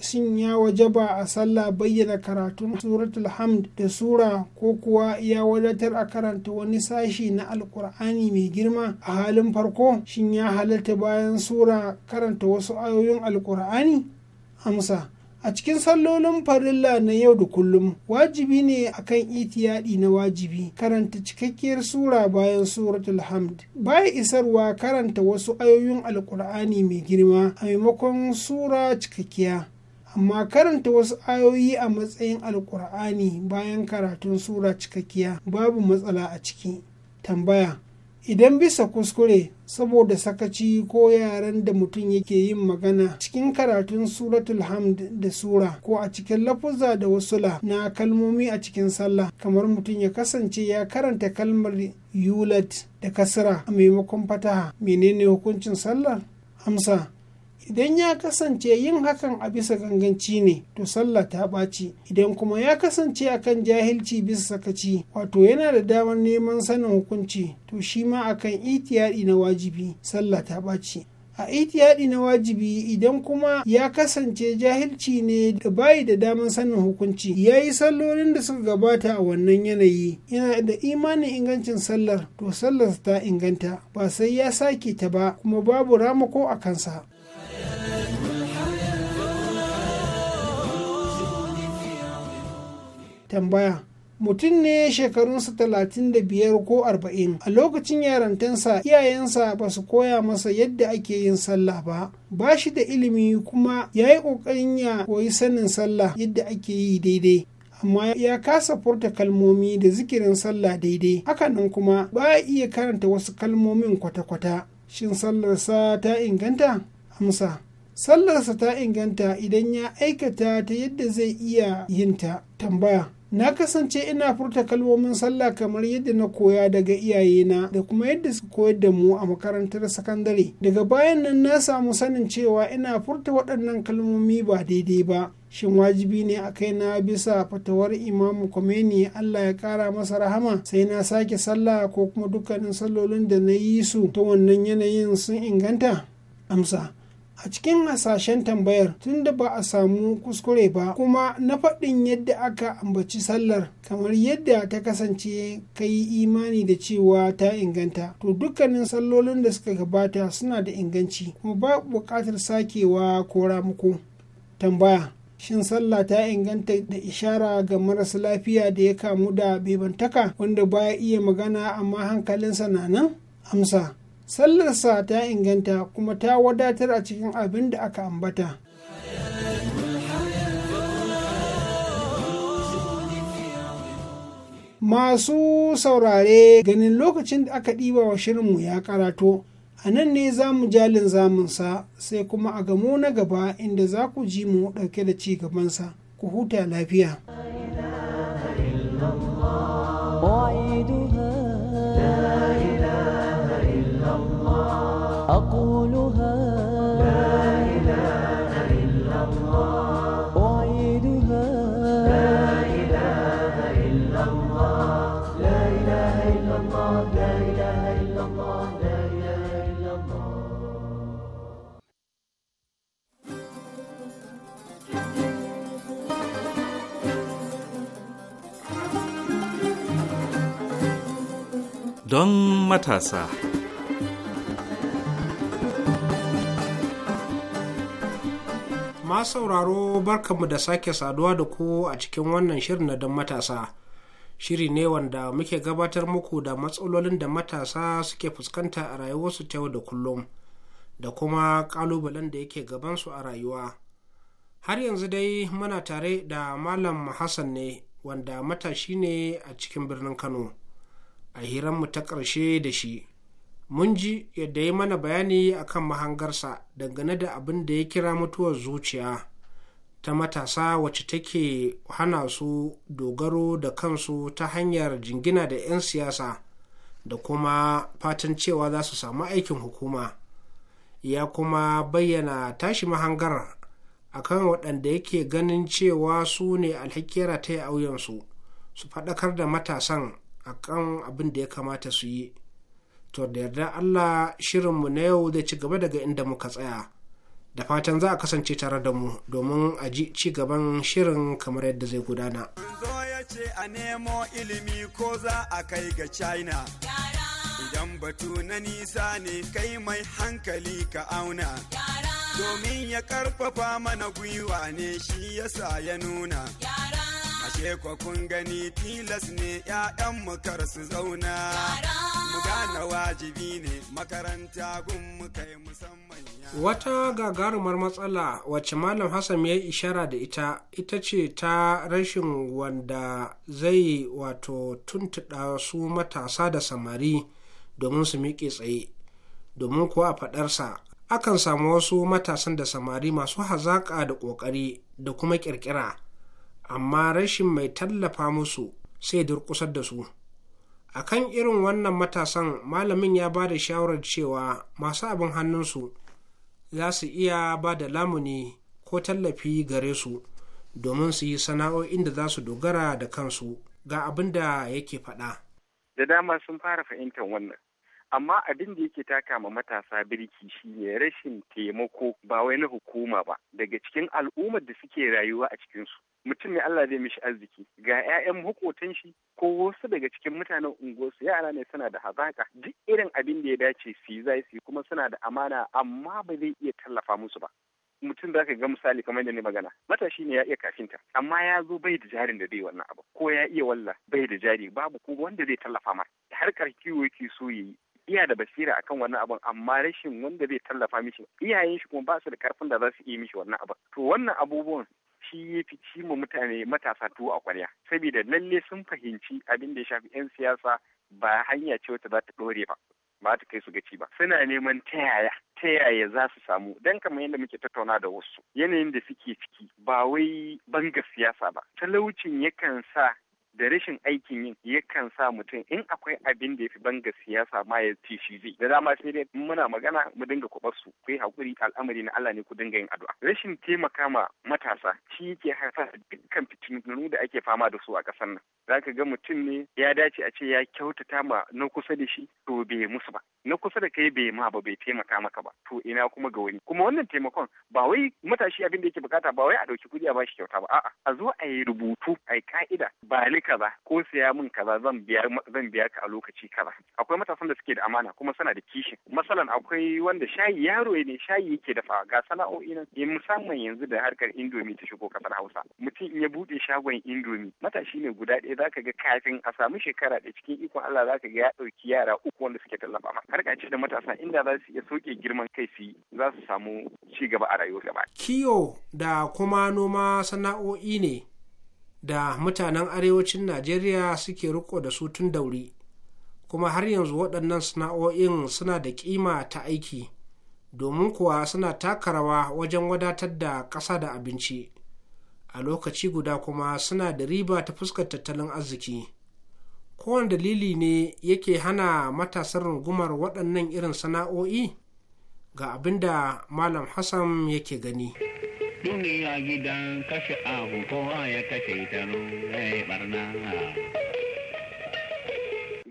Speaker 1: shin ya ba a sallah bayyana karatun suratul hamd da sura ko kuwa ya wadatar a karanta wani sashi na alkur'ani mai girma a halin farko shin ya halatta bayan sura karanta wasu ayoyin alkur'ani amsa a cikin sallolin farilla na yau da kullum wajibi ne akan itiyadi na wajibi karanta cikakkiyar sura bayan suratul hamd bayan isarwa karanta wasu ayoyin alkur'ani mai girma a maimakon sura cikakkiya amma karanta wasu ayoyi a matsayin alkur'ani bayan karatun sura cikakkiya babu matsala a ciki tambaya idan bisa kuskure saboda sakaci ko yaren da mutum yake yin magana cikin karatun suratul hamd da sura ko a cikin lafuza da wasula na kalmomi a cikin sallah kamar mutum ya kasance ya karanta kalmar yulat da kasra a maimakon fataha menene hukuncin sallar amsa idan ya kasance yin hakan a bisa ganganci ne to sallah ta ɓaci idan kuma ya kasance akan jahilci bisa sakaci wato yana da damar neman sanin hukunci to shi ma akan itiyadi na wajibi sallah ta ɓaci a itiyadi na wajibi idan kuma ya kasance jahilci ne da bayi da damar sanin hukunci ya yi sallolin da suka gabata a wannan yanayi yana da imanin ingancin sallar to sallar ta inganta ba sai ya sake ta ba kuma babu ramako a kansa tambaya mutum ne shekarunsa talatin da biyar ko arba'in a lokacin yarantansa iyayensa ba su koya masa yadda ake yin sallah ba ba shi da ilimi kuma ya yi ƙoƙarin ya koyi sanin sallah yadda ake yi daidai amma ya kasa furta kalmomi da zikirin sallah daidai hakanan kuma ba iya karanta wasu kalmomin kwata-kwata shin sallarsa ta inganta amsa sallarsa ta inganta idan ya aikata ta yadda zai iya yinta tambaya na kasance ina furta kalmomin sallah kamar yadda na koya daga iyayena da kuma yadda suka koyar da mu a makarantar sakandare daga bayan nan na samu sanin cewa ina furta waɗannan kalmomi ba daidai ba shin wajibi ne a kai na bisa fatawar imamu Khomeini Allah ya kara masa rahama sai na sake sallah ko kuma dukkanin sallolin da na yi su ta wannan yanayin sun inganta amsa a cikin hasashen tambayar tunda ba a samu kuskure ba kuma na faɗin yadda aka ambaci sallar kamar yadda ta kasance ka yi imani da cewa ta inganta to dukkanin sallolin da suka gabata suna da inganci kuma ba buƙatar sakewa ko ramuko tambaya shin sallah ta inganta da ishara ga marasa lafiya da ya kamu da bebantaka wanda baya iya magana amma hankalinsa na nan amsa sallarsa ta inganta kuma ta wadatar a cikin abin da aka ambata masu saurare ganin lokacin da aka ɗiba wa shirinmu ya karato a nan ne za mu jalin zamunsa sai kuma a gamo na gaba inda za ku ji mu ɗauke da ci gabansa ku huta lafiya.
Speaker 9: أقولها لا إله إلا الله أعيدها لا إله إلا
Speaker 10: الله لا إله إلا الله لا إله إلا الله لا إله
Speaker 4: إلا الله don matasa
Speaker 6: Na sauraro barkanmu da sake saduwa da ku a cikin wannan shirin na don matasa. Shiri ne wanda muke gabatar muku da matsalolin da matasa suke fuskanta a rayuwarsu ta yau da kullum da kuma ƙalubalen da yake gabansu a rayuwa. Har yanzu dai muna tare da Malam Hassan ne wanda matashi ne a cikin birnin Kano. A hiranmu ta ƙarshe da shi. mun ji yadda ya mana bayani akan mahangarsa dangane da abin da ya kira mutuwar zuciya ta matasa wacce take hana su dogaro da kansu ta hanyar jingina da 'yan siyasa da kuma fatan cewa za su samu aikin hukuma ya kuma bayyana tashi mahangar akan waɗanda yake ganin cewa su ne alhakira ta yi auyensu su faɗakar da matasan akan abin da ya kamata su yi to da yarda allah shirinmu na yau zai ci gaba daga inda muka tsaya da fatan za a kasance tare da mu domin a ji ci gaban shirin kamar yadda zai gudana.
Speaker 11: Zo ya ce a nemo ilimi ko za a kai ga China. Idan batu na nisa ne kai mai hankali ka auna. Domin ya karfafa mana gwiwa ne shi yasa ya nuna. ashe ko kun gani tilas ne ya'yan mu su zauna mu gane wajibi ne makaranta gun mu kai musamman
Speaker 6: wata gagarumar matsala wacce malam hassan ya yi ishara da ita ita ce ta rashin wanda zai wato tuntuɗa su matasa da samari domin su miƙe tsaye domin kuwa a faɗarsa akan samu wasu matasan da samari masu hazaƙa da ƙoƙari da kuma ƙirƙira amma rashin mai tallafa musu sai durƙusar da su a kan irin wannan matasan malamin ya ba da shawarar cewa masu abin hannunsu za su iya ba da lamuni ko tallafi gare su domin su yi sana'o'in da za su dogara da kansu ga abin da yake faɗa.
Speaker 12: da dama sun fara fahimtar wannan amma abin da yake taka ma matasa birki shine rashin taimako ba wai na hukuma ba daga cikin al'ummar da suke rayuwa a cikinsu mutum ne Allah zai mishi arziki ga 'ya'yan makotan shi ko wasu daga cikin mutanen unguwarsu yara ne suna da hazaka duk irin abin da ya dace su yi zai su kuma suna da amana amma ba zai iya tallafa musu ba mutum zaka aka ga misali kamar da ni magana matashi ne ya iya kafinta amma ya zo bai da jarin da zai wannan abu ko ya iya walla bai da jari babu ko wanda zai tallafa masa harkar kiwo yake so yi iya da basira akan wannan abun amma rashin wanda zai tallafa mishi iyayen shi kuma ba su da karfin da za su iya mishi wannan abun to wannan abubuwan shi ya fi ci mu mutane matasa tuwo a kwarya saboda lalle sun fahimci abin da ya shafi 'yan siyasa ba hanya ce wata za ta ɗore ba ba ta kai su gaci ba suna neman ta yaya ta yaya za su samu dan kamar yadda muke tattauna da wasu yanayin da suke ciki ba wai banga siyasa ba talaucin yakan sa da rashin aikin yin yakan sa mutum in akwai abin da ya fi banga siyasa ma ya ci shi zai da dama sai dai muna magana mu dinga kuɓar su ku yi hakuri al'amari na Allah ne ku dinga yin addu'a rashin taimaka ma matasa shi yake haifar dukkan fitinu da ake fama da su a ƙasar nan Za ka ga mutum ne ya dace a ce ya kyautata ma na kusa da shi to bai musu ba na kusa da kai bai ma ba bai taimaka maka ba to ina kuma ga wani kuma wannan taimakon ba wai matashi abin da yake bukata ba wai a ɗauki kuɗi a bashi kyauta ba a'a a zo a yi rubutu a yi ka'ida ba kaza ko saya mun kaza zan biya zan biya ka a lokaci kaza akwai matasan da suke da amana kuma suna da kishin. masalan akwai wanda shayi yaro ne shayi yake dafawa. ga sana'o'i nan eh, musamman yanzu da harkar indomi ta shigo kasar Hausa mutum in ya buɗe shagon indomi matashi ne guda ɗaya zaka ga kafin a samu shekara da cikin ikon Allah zaka ga ya ɗauki yara uku wanda suke tallafa ma harka ce da matasa inda za su iya soke girman kai su yi za su samu ci gaba a rayuwa gaba
Speaker 6: kiyo da kuma noma sana'o'i ne da mutanen arewacin najeriya suke riko da su tun dauri kuma har yanzu waɗannan sana'o'in suna da kima ta aiki domin kuwa suna taka rawa wajen wadatar da ƙasa da abinci a lokaci guda kuma suna da riba ta fuskar tattalin arziki kowane dalili ne yake hana matasan rungumar waɗannan irin sana'o'i ga abinda malam hassan yake gani.
Speaker 11: a gidan kashe abu kowa ya kashe ta ya barna.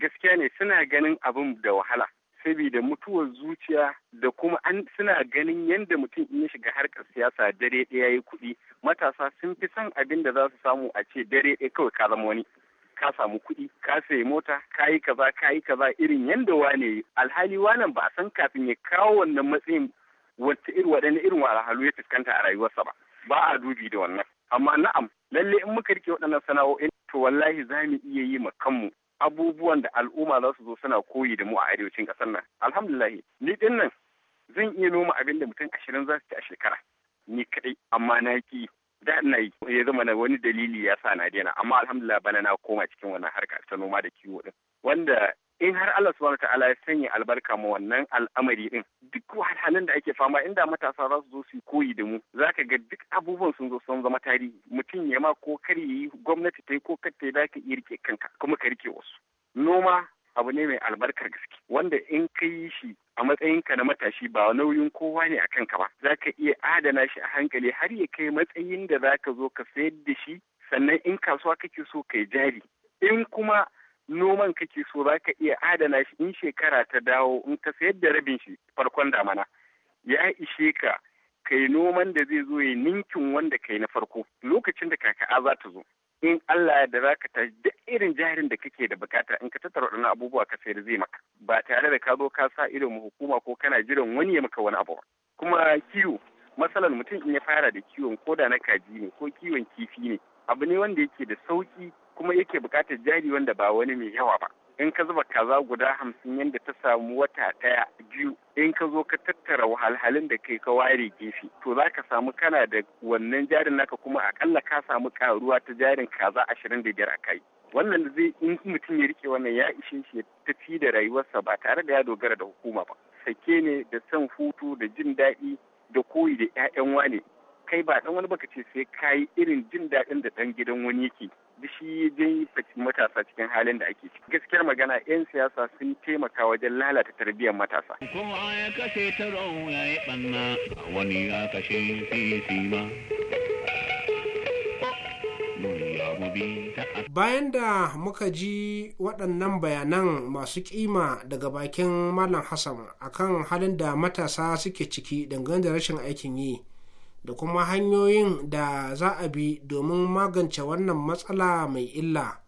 Speaker 12: Gaskiya ne suna ganin abin da wahala. Saboda mutuwar zuciya da kuma an suna ganin yadda mutum in ya shiga harkar siyasa dare ɗaya ya kuɗi matasa sun fi son abin da za su samu a ce dare ɗaya kawai ka zama wani. ka samu kuɗi ka sayi mota ka yi kaza ka yi kaza irin yadda wane alhali wanan ba a san kafin ya kawo wannan matsayin wata irin waɗanne irin wahalhalu ya fuskanta a rayuwarsa ba ba a dubi da wannan amma na'am lalle in muka rike waɗannan sana'o'in to wallahi za mu iya yi ma kanmu abubuwan da al'umma za su zo suna koyi da mu a arewacin ƙasar nan alhamdulillah ni din nan zan iya noma abin da mutum ashirin za su ci a shekara ni kaɗai amma na ki da na yi ya zama na wani dalili ya sa na daina amma alhamdulillah bana na koma cikin wannan harka ta noma da kiwo din wanda in har Allah subhanahu ta'ala ya sanya albarka ma wannan al'amari din duk wahalhalun da ake fama inda matasa za su zo su koyi da mu zaka ga duk abubuwan sun zo sun zama tarihi mutum ya ma ko kar yi gwamnati ta yi ko kar ta yi zaka iya rike kanka kuma ka rike wasu noma abu ne mai albarkar gaske wanda in ka yi shi a matsayinka na matashi ba nauyin kowa ne a kanka ba za ka iya adana shi a hankali har ya kai matsayin da za ka zo ka sayar da shi sannan in kasuwa kake so ka jari in kuma noman kake so za ka iya adana shi in shekara ta dawo in ka sayar da rabin shi farkon damana ya ishe ka kai noman da zai zo ya ninkin wanda kai na farko lokacin da kaka'a za ta zo in Allah da za ka tashi duk irin jarin da kake da bukata in ka tattara waɗannan abubuwa ka sayar zai maka ba tare da ka zo ka sa irin hukuma ko kana jiran wani ya maka wani abu kuma kiwo matsalar mutum in ya fara da kiwon koda na kaji ne ko kiwon kifi ne abu ne wanda yake da sauki kuma yake buƙatar jari wanda ba wani mai yawa ba in ka zuba kaza guda hamsin yadda ta samu wata ɗaya biyu in ka zo ka tattara wahalhalun da kai ka ware gefe to za ka samu kana da wannan jarin naka kuma akalla ka samu karuwa ta jarin kaza ashirin da biyar a kai wannan zai in mutum ya rike wannan ya ishe shi ya tafi da rayuwarsa ba tare da ya dogara da hukuma ba sake ne da son hutu da jin daɗi da koyi da 'ya'yan wane kai ba ɗan wani baka ce sai kayi irin jin daɗin da ɗan gidan wani yake duk shi ya matasa cikin halin da ake ciki gaskiyar magana 'yan siyasa sun taimaka wajen lalata tarbiyyar matasa
Speaker 6: bayan da muka ji waɗannan bayanan masu kima daga bakin malam hassan akan halin da matasa suke ciki dangane da rashin aikin yi da kuma hanyoyin da za a bi domin magance wannan matsala mai illa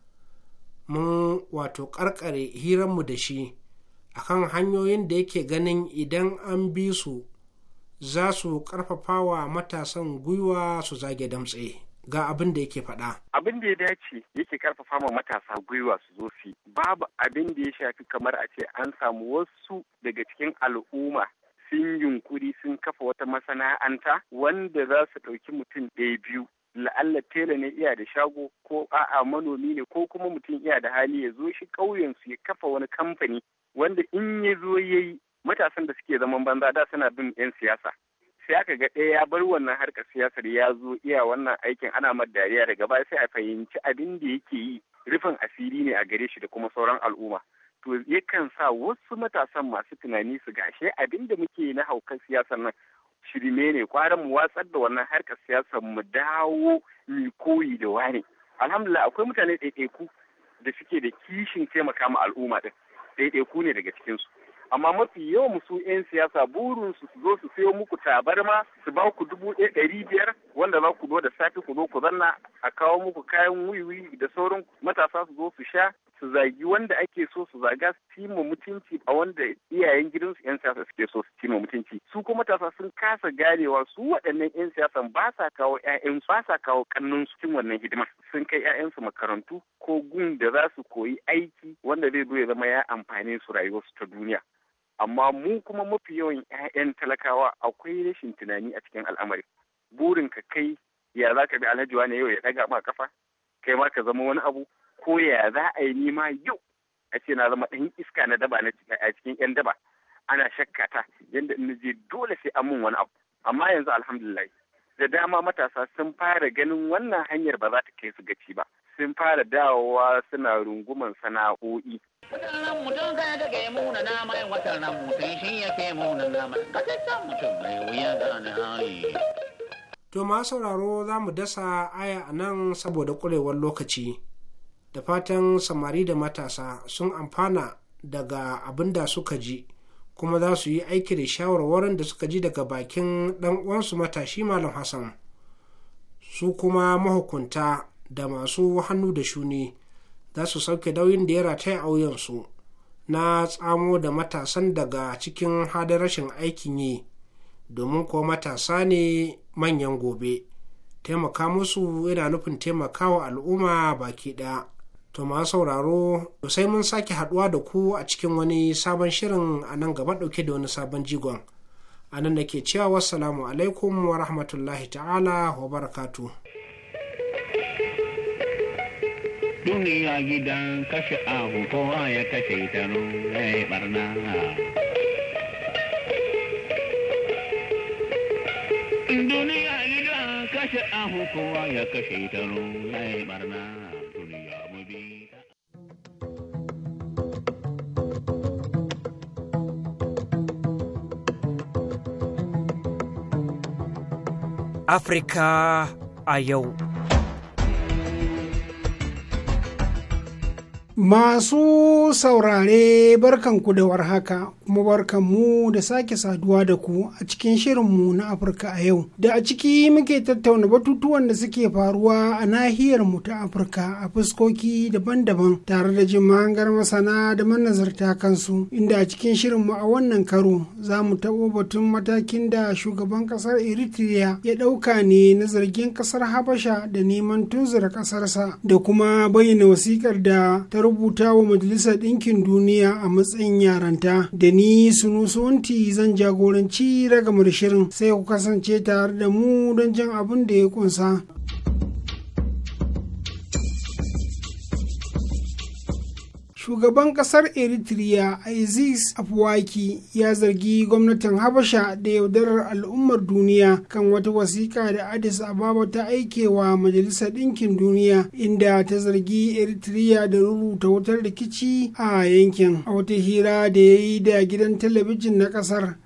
Speaker 6: mun wato karkare hiranmu da shi akan hanyoyin da yake ganin idan an bi su za su karfafa wa matasan gwiwa su zage damtse ga abin da yake faɗa.
Speaker 12: Abin da ya dace yake karfafa ma matasa gwiwa su zo su babu abin da ya shafi kamar a ce an samu wasu daga cikin al'umma sun yunkuri sun kafa wata masana'anta wanda za su ɗauki mutum ɗaya biyu la'alla tela ne iya da shago ko a'a manomi ne ko kuma mutum iya da hali ya zo shi ƙauyen su ya kafa wani kamfani wanda in ya zo ya yi matasan da suke zaman banza da suna bin 'yan siyasa sai aka ga ɗaya ya bar wannan harkar siyasar ya zo iya wannan aikin ana mar dariya daga baya sai a fahimci abin da yake yi rufin asiri ne a gare shi da kuma sauran al'umma to yakan sa wasu matasan masu tunani su gashe abin da muke na haukan siyasar nan shirme ne kwaran mu watsar da wannan harkar siyasar mu dawo ni koyi da wane alhamdulillah akwai mutane ɗaiɗaiku da suke da kishin taimaka ma al'umma din ɗaiɗaiku ne daga cikin su amma mafi yawan su 'yan siyasa burin su zo su sayo muku tabarma su ba ku dubu ɗaya ɗari biyar wanda za ku zo da safe ku zo ku zanna a kawo muku kayan wiwi da sauran matasa su zo su sha su zagi wanda ake so su zaga su cima mutunci a wanda iyayen gidansu 'yan siyasa suke so su cima mutunci su kuma tasa sun kasa ganewa su waɗannan 'yan siyasan ba sa kawo 'ya'yan ba sa kawo kannun su cin wannan hidima sun kai 'ya'yansu makarantu ko gun da za su koyi aiki wanda zai zo ya zama ya amfane su rayuwarsu ta duniya amma mu kuma mafi yawan 'ya'yan talakawa akwai rashin tunani a cikin al'amari burin ka kai ya za ka bi alhaji ne yau ya ɗaga ma kafa kai ma ka zama wani abu ko ya za a yi nima yau a ce na zama ɗan iska na daba na a cikin yan daba ana shakka ta yadda in je dole sai a mun wani abu amma yanzu alhamdulillah da dama matasa sun fara ganin wannan hanyar ba za ta kai su gaci ba sun fara dawowa suna runguman sana'o'i.
Speaker 11: Waɗannan mutum ga nama yin mutum shi yake nama mutum mai wuya hali.
Speaker 6: To ma sauraro za mu dasa aya a nan saboda kurewar lokaci. da fatan samari da matasa sun amfana daga abin da suka ji kuma za su yi aiki da shawarwarin da suka ji daga bakin ɗan uwansu matashi malam hassan su kuma mahukunta da masu hannu da shuni za su sauke dauyin da ya rataya a wuyansu na tsamo da matasan daga cikin hadin rashin aikin yi domin kuwa matasa ne manyan gobe taimaka musu yana nufin taimakawa al'umma baki ɗaya To ma sauraro, sai mun sake haɗuwa da ku a cikin wani sabon shirin a nan gaba ɗauke da wani sabon jigon. A nan da ke cewa wassalamu alaikum wa rahmatullahi ta'ala wa barakatu.
Speaker 11: Duniya gidan kashe ahu kowa ya kashe ita ya barna. Duniya gidan kashe kowa ya kashe
Speaker 13: Afirka a yau.
Speaker 1: Masu saurare barkanku da warhaka kuma barkanmu da sake saduwa da ku a cikin shirinmu na Afirka a yau. Da a ciki muke tattauna batutuwan da suke faruwa a nahiyar mu ta Afirka a fuskoki daban-daban tare da jin mahangar masana da manazarta kansu inda a cikin shirinmu a wannan karo za mu taɓo batun matakin da shugaban ƙasar Eritrea ya ɗauka ne na zargin ƙasar Habasha da neman tunzura ƙasarsa da kuma bayyana wasiƙar da ta rubuta wa Majalisar Ɗinkin Duniya a matsayin yaranta da ni sunusunti zan jagoranci ragamar shirin sai ku kasance tare da mu don jan abin da ya kunsa. shugaban kasar eritrea aziz afwaki ya zargi gwamnatin habasha da yaudarar al'ummar duniya kan wata wasiƙa da addis ababa ta aike wa majalisar ɗinkin duniya inda ta zargi eritrea da rubuta wutar rikici a yankin a wata hira da ya yi da gidan talabijin na kasar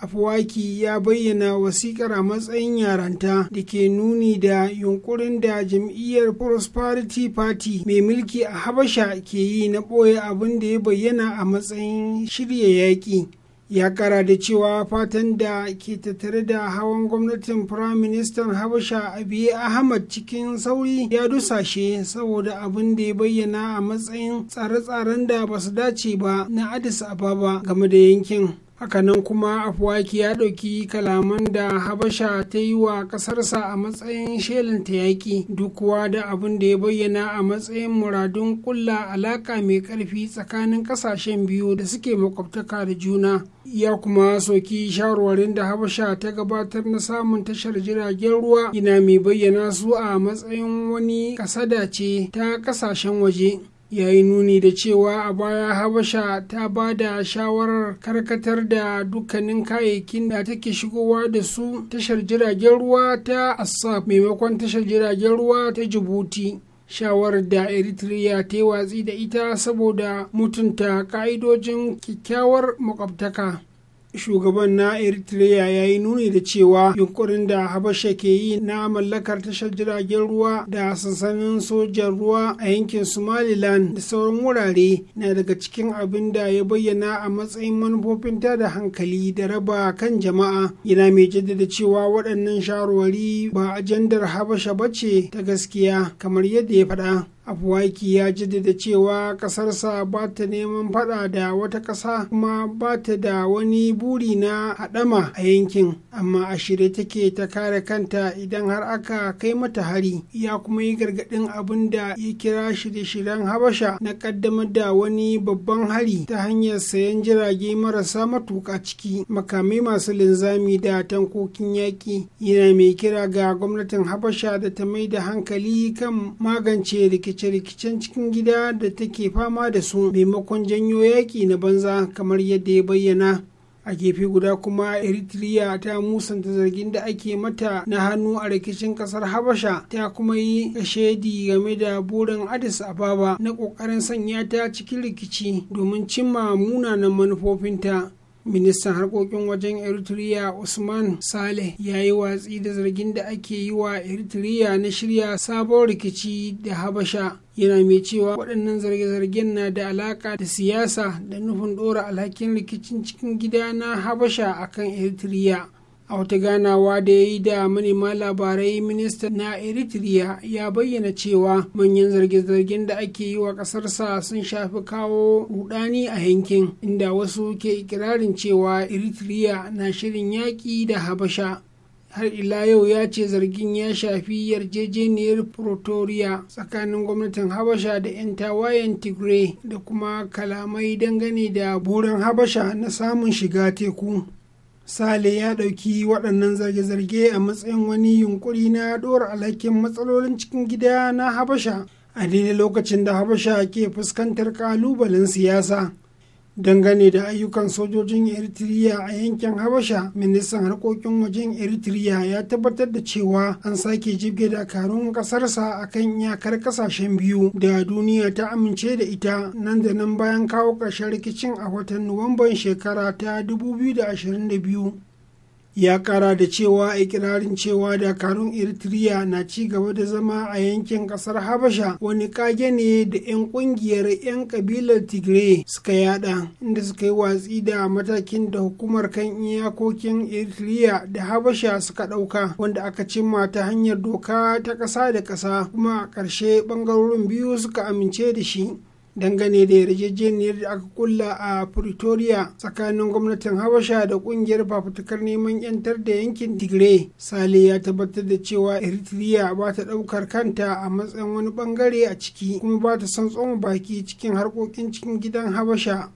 Speaker 1: Afuwaki ya bayyana wasikar a matsayin yaranta da ke nuni da yunkurin da jam'iyyar prosperity party mai mulki a habasha ke yi na ɓoye abin da ya bayyana a matsayin shirya yaƙi ya kara da cewa fatan da ke tattare da hawan gwamnatin firaministan habasha abiy ahmad cikin sauri ya dusashe saboda abin da ya bayyana a matsayin tsare-tsaren da ba su dace ba na addis ababa game da yankin hakanan kuma afwaki ya ɗauki kalaman da habasha ta yi wa ƙasarsa a matsayin shelin ta yaƙi duk da abin da ya bayyana a matsayin muradun ƙulla alaƙa mai ƙarfi tsakanin ƙasashen biyu da suke maƙwabtaka da juna ya kuma soki shawarwarin da habasha ta gabatar na samun tashar jiragen ruwa ina mai bayyana su a matsayin wani kasada ce ta ƙasashen waje ya yi nuni da cewa a baya habasha ta ba da shawarar karkatar da dukkanin kayayyakin da take shigowa da su tashar jiragen ruwa ta assaf maimakon tashar jiragen ruwa ta jibuti shawarar da eritrea ta yi watsi da ita saboda mutunta ka'idojin kyakkyawar makwabtaka shugaban na eritrea ya yi nuni da cewa yunkurin da habasha ke yi na mallakar tashar jiragen ruwa da sansanin sojan ruwa a yankin somaliland da sauran wurare na daga cikin abin da ya bayyana a matsayin manufofin da hankali da raba kan jama'a yana mai jaddada cewa waɗannan shawarwari ba ajandar habasha ba ce ta gaskiya kamar yadda ya faɗa afuwaki ya jaddada cewa ƙasarsa ba ta neman faɗa da wata ƙasa kuma ba ta da wani buri na hadama a yankin amma a shirye take ta kare kanta idan har aka kai mata hari ya kuma yi gargadin abin da ya kira shirye-shiryen habasha na ƙaddamar da wani babban hari ta hanyar sayan jirage marasa matuƙa ciki makamai masu linzami da tankokin yaƙi yana mai kira ga gwamnatin habasha da ta mai da hankali kan magance rikici rikice-rikicen cikin gida da take fama da su maimakon janyo yaƙi na banza kamar yadda ya bayyana a gefe guda kuma eritrea ta musanta zargin da ake mata na hannu a rikicin kasar habasha ta kuma yi shaidi game da burin addis ababa na ƙoƙarin sanya ta cikin rikici domin cimma munanan manufofinta ministan harkokin wajen eritrea usman saleh ya yi watsi da zargin da ake yi wa eritrea na shirya sabon rikici da habasha yana mai cewa waɗannan zarge-zargen na da alaƙa da siyasa da nufin ɗora alhakin rikicin cikin gida na habasha akan eritrea a wata ganawa da ya yi da manema labarai minista na eritrea ya bayyana cewa manyan zarge-zargen da ake yi wa ƙasarsa sun shafi kawo rudani a yankin inda wasu ke ikirarin cewa eritrea na shirin yaƙi da habasha har ila yau ya ce zargin ya shafi yarjejeniyar pretoria tsakanin gwamnatin habasha da 'yan tawayen tigray da kuma kalamai dangane da burin habasha na samun shiga teku Sale ya ɗauki waɗannan zarge-zarge a matsayin wani yunkuri na ɗora alhakin matsalolin cikin gida na Habasha a daidai lokacin da Habasha ke fuskantar ƙalubalen siyasa. dangane da ayyukan sojojin eritrea a yankin habasha ministan harkokin wajen eritrea ya tabbatar da cewa an sake jibge dakarun kasarsa a kan iyakar kasashen biyu da duniya ta amince da ita nan da nan bayan kawo ƙarshen rikicin a watan nuwamban shekara ta 2022 ya kara da cewa ikirarin cewa dakarun eritrea na ci gaba da zama a yankin kasar habasha wani kage ne da 'yan kungiyar 'yan kabilar tigray suka yada inda suka yi watsi da matakin da hukumar kan iyakokin eritrea da habasha suka dauka wanda aka cimma ta hanyar doka ta kasa da kasa kuma a ƙarshe bangarorin biyu suka amince da shi dangane da yarjejeniyar da aka kulla a pretoria tsakanin gwamnatin habasha da kungiyar fafutukar neman yantar da yankin tigray sale ya tabbatar da cewa eritrea ba ta daukar kanta a matsayin wani bangare a ciki kuma ba ta son tsoma baki cikin harkokin cikin gidan habasha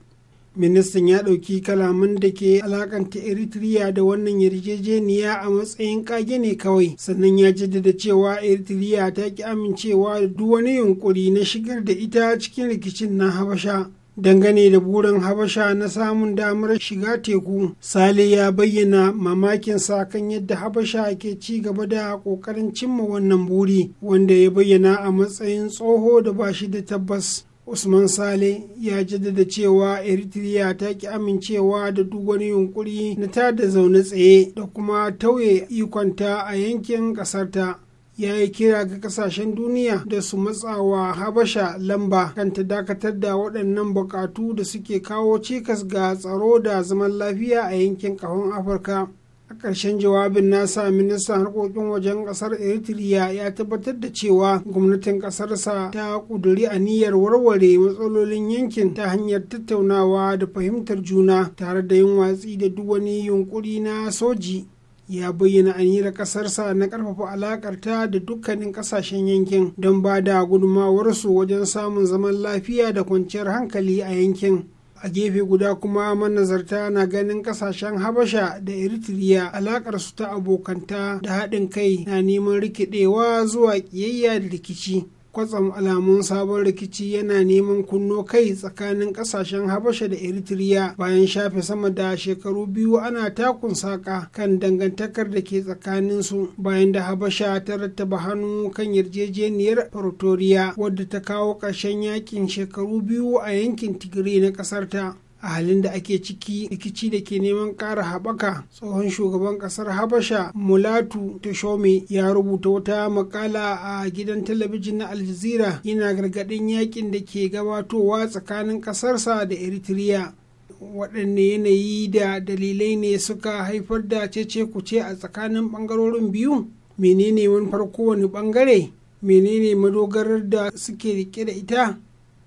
Speaker 1: ministan ya ɗauki kalaman da ke alakanta eritrea da wannan yarjejeniya a matsayin kage ne kawai sannan ya jaddada cewa eritrea ta ki amincewa da duk wani yunkuri na shigar da ita cikin rikicin na habasha dangane da burin habasha na samun damar shiga teku sale ya bayyana mamakinsa kan yadda habasha ke ci gaba da ƙoƙarin cimma wannan buri wanda ya bayyana a matsayin tsoho da bashi da tabbas usman sale ya jaddada cewa eritrea ta ki amincewa da duk wani yunkuri na da zaune tsaye da kuma tauye ikonta a yankin ƙasarta ya yi kira ga kasashen duniya da su matsawa habasha lamba kan ta dakatar da waɗannan buƙatu da suke kawo cikas ga tsaro da zaman lafiya a yankin ƙahon afirka a ƙarshen jawabin nasa ministan harkokin wajen ƙasar eritrea ya tabbatar da cewa gwamnatin ƙasarsa ta ƙuduri aniyar warware matsalolin yankin ta hanyar tattaunawa da fahimtar juna tare da yin watsi da duk wani yunƙuri na soji ya bayyana aniyar ƙasarsa na ƙarfafa alaƙarta da dukkanin ƙasashen yankin don ba da gudunmawarsu wajen samun zaman lafiya da kwanciyar hankali a yankin a gefe guda kuma manazarta na ganin kasashen habasha da eritrea alakar su ta abokanta da haɗin kai na neman rikidewa zuwa ƙiyayya da rikici kwatsam alamun sabon rikici yana neman kunno kai tsakanin kasashen habasha da eritrea bayan shafe sama da shekaru biyu ana takun saka kan dangantakar da ke tsakanin su bayan da habasha ta rattaba hannu kan yarjejeniyar pretoria wadda ta kawo ƙarshen yakin shekaru biyu a yankin tigiri na ƙasarta. a halin da ake ciki rikici da ke neman ƙara haɓaka tsohon shugaban ƙasar habasha mulatu tashome ya rubuta wata makala a gidan talabijin na aljazira yana gargaɗin yakin da ke gabatowa tsakanin ƙasarsa da eritrea waɗanne yanayi da dalilai ne suka haifar da cece kuce a tsakanin ɓangarorin biyu menene wani farko wani ɓangare menene madogarar da suke rike da ita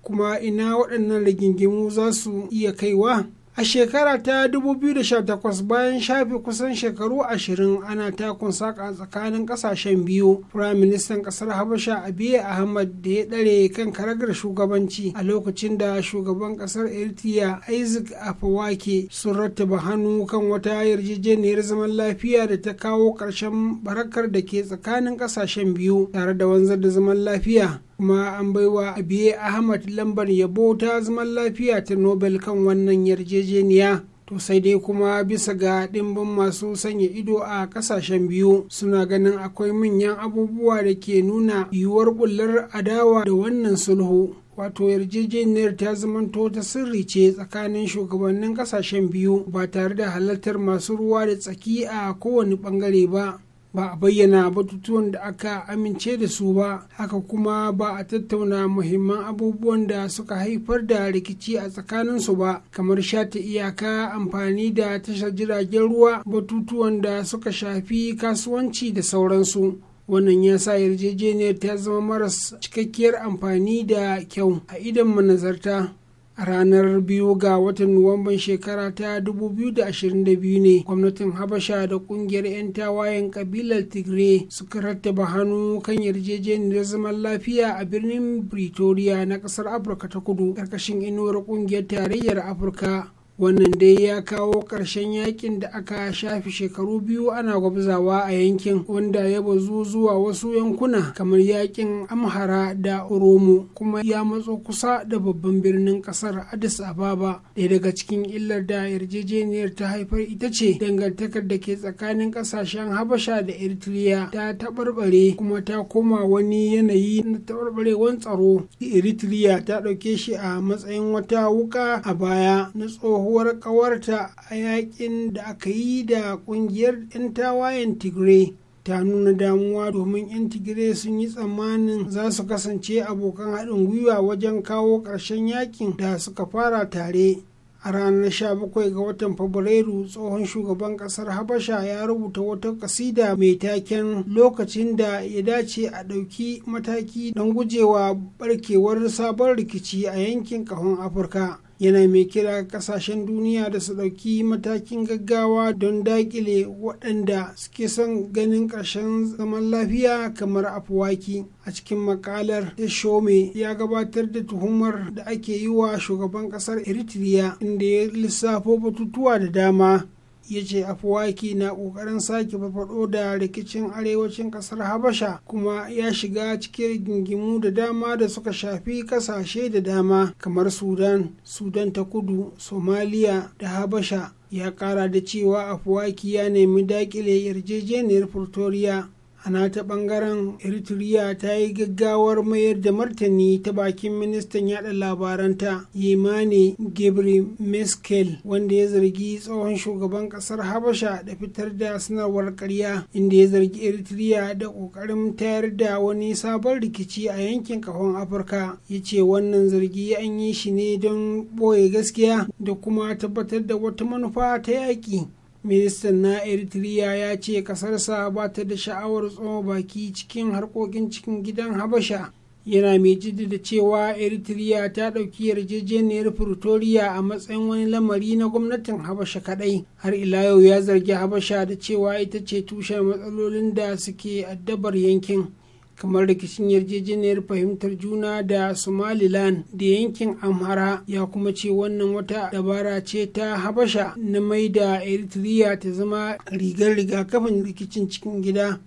Speaker 1: kuma ina waɗannan rigingimu za su iya kaiwa a shekara ta 2018 bayan shafe kusan shekaru 20 ana takun saka tsakanin ƙasashen biyu prime ministan kasar habasha abiyu ahmad da ya ɗare kan karagar shugabanci a lokacin da shugaban kasar eritrea isaac afawake sun rattaba hannu kan wata yarjejeniyar zaman lafiya da ta kawo ƙarshen barakar da ke tsakanin ƙasashen biyu tare da wanzar da zaman lafiya kuma an baiwa abiye ahmad lambar yabo ta zaman lafiya ta nobel kan wannan yarjejeniya to sai dai kuma bisa ga ɗimbin masu sanya ido a ƙasashen biyu suna ganin akwai manyan abubuwa da ke nuna yiwuwar bullar adawa da wannan sulhu wato yarjejeniyar ta zamanto ta sirri ce tsakanin shugabannin ƙasashen biyu ba tare da halartar masu ruwa da tsaki a kowane ɓangare ba ba a bayyana batutuwan da aka amince da su ba haka kuma ba a tattauna muhimman abubuwan da suka haifar da rikici a tsakaninsu ba kamar shata iyaka amfani da tashar jiragen ruwa batutuwan da suka shafi kasuwanci da sauransu wannan ya sa yarjejeniyar ta zama maras cikakkiyar amfani da kyau a idan manazarta a ranar biyu ga watan nuwamban shekara ta 2022 ne gwamnatin habasha da kungiyar 'yan tawayen kabilar tigray suka rattaba hannu kan yarjejeniyar zaman lafiya a birnin pretoria na kasar afirka ta kudu ƙarƙashin inuwar kungiyar tarayyar afirka wannan dai ya kawo ƙarshen yakin da aka shafi shekaru biyu ana gwabzawa a yankin wanda ya bazu zuwa wasu yankuna kamar yakin amhara da oromo kuma ya matso kusa da babban birnin ƙasar addis ababa ɗaya daga cikin illar da yarjejeniyar ta haifar ita ce dangantakar da ke tsakanin ƙasashen habasha da eritrea ta taɓarɓare kuma ta koma wani yanayi na taɓarɓarewan tsaro eritrea ta ɗauke shi a matsayin wata wuka a baya na tsoho tsohuwar kawarta a yakin da aka yi da kungiyar 'yan tawayen tigray ta nuna damuwa domin 'yan tigray sun yi tsammanin za su kasance abokan haɗin gwiwa wajen kawo ƙarshen yakin da suka fara tare a ranar 17 ga watan fabrairu tsohon shugaban kasar habasha ya rubuta wata kasida mai taken lokacin da ya dace a ɗauki mataki don gujewa barkewar sabon rikici a yankin kahon afirka yana mai kira kasashen duniya da su ɗauki matakin gaggawa don daƙile waɗanda suke son ganin ƙarshen zaman lafiya kamar afuwaki a cikin makalar ta shome ya gabatar da tuhumar da ake yi wa shugaban ƙasar eritrea inda ya lissafo batutuwa da dama ya ce afuwaki na kokarin sake fafado da rikicin arewacin kasar habasha kuma ya shiga cikin rigingimu da dama da suka shafi kasashe da dama kamar sudan sudan ta kudu somaliya da habasha ya kara da cewa afuwaki ya nemi dakile yarjejeniyar pretoria a nata bangaren eritrea ta yi gaggawar mayar da martani ta bakin ministan yada labaranta yemane gebre meskel wanda ya zargi tsohon shugaban kasar habasha da fitar da sanarwar karya inda ya zargi eritrea da kokarin tayar da wani sabon rikici a yankin kafin afirka ya ce wannan zargi an yi shi ne don boye gaskiya da kuma tabbatar da wata manufa ta yaki. ministan na eritrea ya ce kasarsa ba ta da sha'awar tsoma baki cikin harkokin cikin gidan habasha yana mai da cewa eritrea ta ɗauki yarjejeniyar pretoria a matsayin wani lamari na gwamnatin habasha kadai. har ila yau ya zargi habasha da cewa ita ce tushen matsalolin da suke addabar yankin kamar rikicin yarjejeniyar fahimtar juna da somaliland da yankin amhara ya kuma ce wannan wata dabara ce ta habasha na mai da eritrea ta zama rigar rigakafin rikicin cikin gida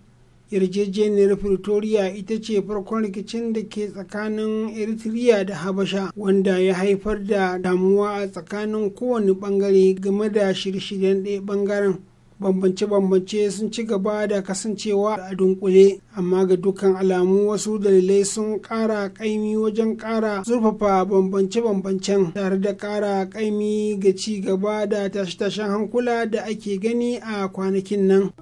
Speaker 1: yarjejeniyar pretoria ita ce farkon rikicin da ke tsakanin eritrea da habasha wanda ya haifar da damuwa a tsakanin kowane bangare game da shirye-shiryen ɗaya bangaren bambance-bambance sun ci gaba da kasancewa a dunkule amma ga dukkan alamu wasu dalilai sun ƙara ƙaimi wajen ƙara zurfafa bambance-bambancen tare da ƙara ƙaimi ga ci gaba da tashe-tashen hankula da ake gani a kwanakin nan.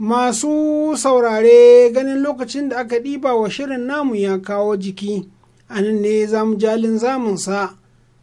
Speaker 1: Masu saurare ganin lokacin da aka ɗiba wa shirin namu ya kawo jiki, a nan ne zamu jalin zamunsa.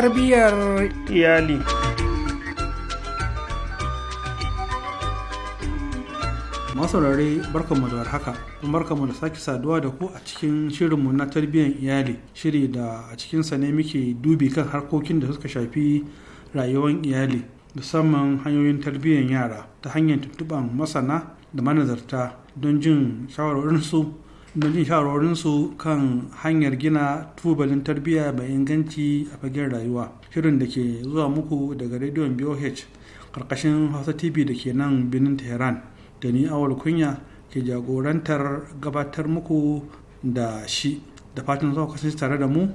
Speaker 6: tarbiyyar
Speaker 3: iyali masaurare barkanmu da warhaka kuma barkanmu da sake saduwa da ku a cikin shirinmu na tarbiyyar iyali shiri da a cikinsa ne muke dubi kan harkokin da suka shafi rayuwar iyali musamman hanyoyin tarbiyyar yara ta hanyar tuntuɓar masana da manazarta don jin shawarwarinsu don jin shawarorinsu kan hanyar gina tubalin tarbiyya mai inganci a fagen rayuwa shirin da ke zuwa muku daga rediyon boh karkashin hausa tv da ke nan birnin tehran da ni awal kunya ke jagorantar gabatar muku da shi da fatan zuwa kasance tare da mu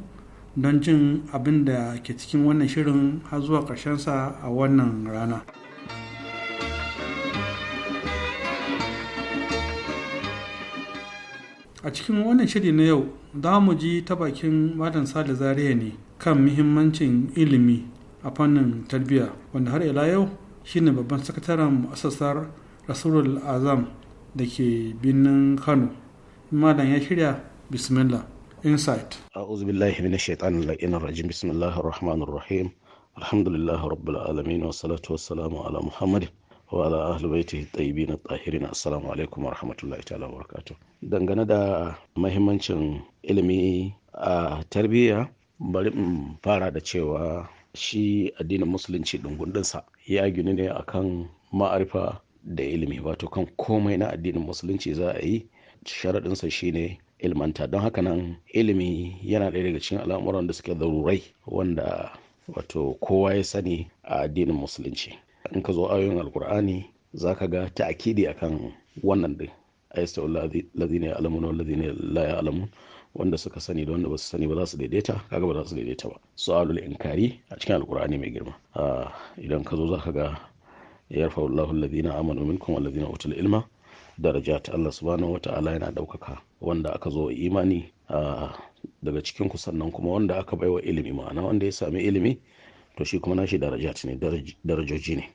Speaker 3: don jin abin da ke cikin wannan shirin har zuwa sa a wannan rana. a cikin wannan shiri na yau za mu ji ta bakin madan sada zariya ne kan muhimmancin ilimi a fannin tarbiyya wanda har ila yau shine babban sakataren asasar rasulul azam da ke birnin kano madan ya shirya bismillah
Speaker 14: insight a'udhu billahi minash shaitanir rajim bismillahir rahmanir rahim alhamdulillahi rabbil alamin salatu wassalamu ala muhammadin wa ala ahli baiti tayyibin tahirin assalamu alaikum wa ta'ala wa dangane da mahimmancin ilimi a tarbiyya bari in fara da cewa shi addinin musulunci dungundinsa ya gini ne akan ma'arifa da ilimi wato kan komai na addinin musulunci za a yi sharaɗinsa shine ilmanta don haka nan ilimi yana ɗaya daga cikin al'amuran da suke zarurai wanda wato kowa ya sani a addinin musulunci in ka zo ayoyin alkur'ani za ka ga ta'akidi akan wannan din ayyastawa lazina ya al'amu. na lazina la ya alamu wanda suka sani da wanda ba su sani ba za su daidaita kaga ba za su daidaita ba su'alul inkari a cikin alkur'ani mai girma ah, idan ka zo za ka ga yarfa wallahu alladhina amanu minkum walladhina utul ilma darajat Allah subhanahu ala yana daukaka wanda aka zo imani ah, daga cikin ku sannan kuma wanda aka baiwa ilimi ma'ana wanda ya sami ilimi to shi kuma nashi ta ne darajoji ne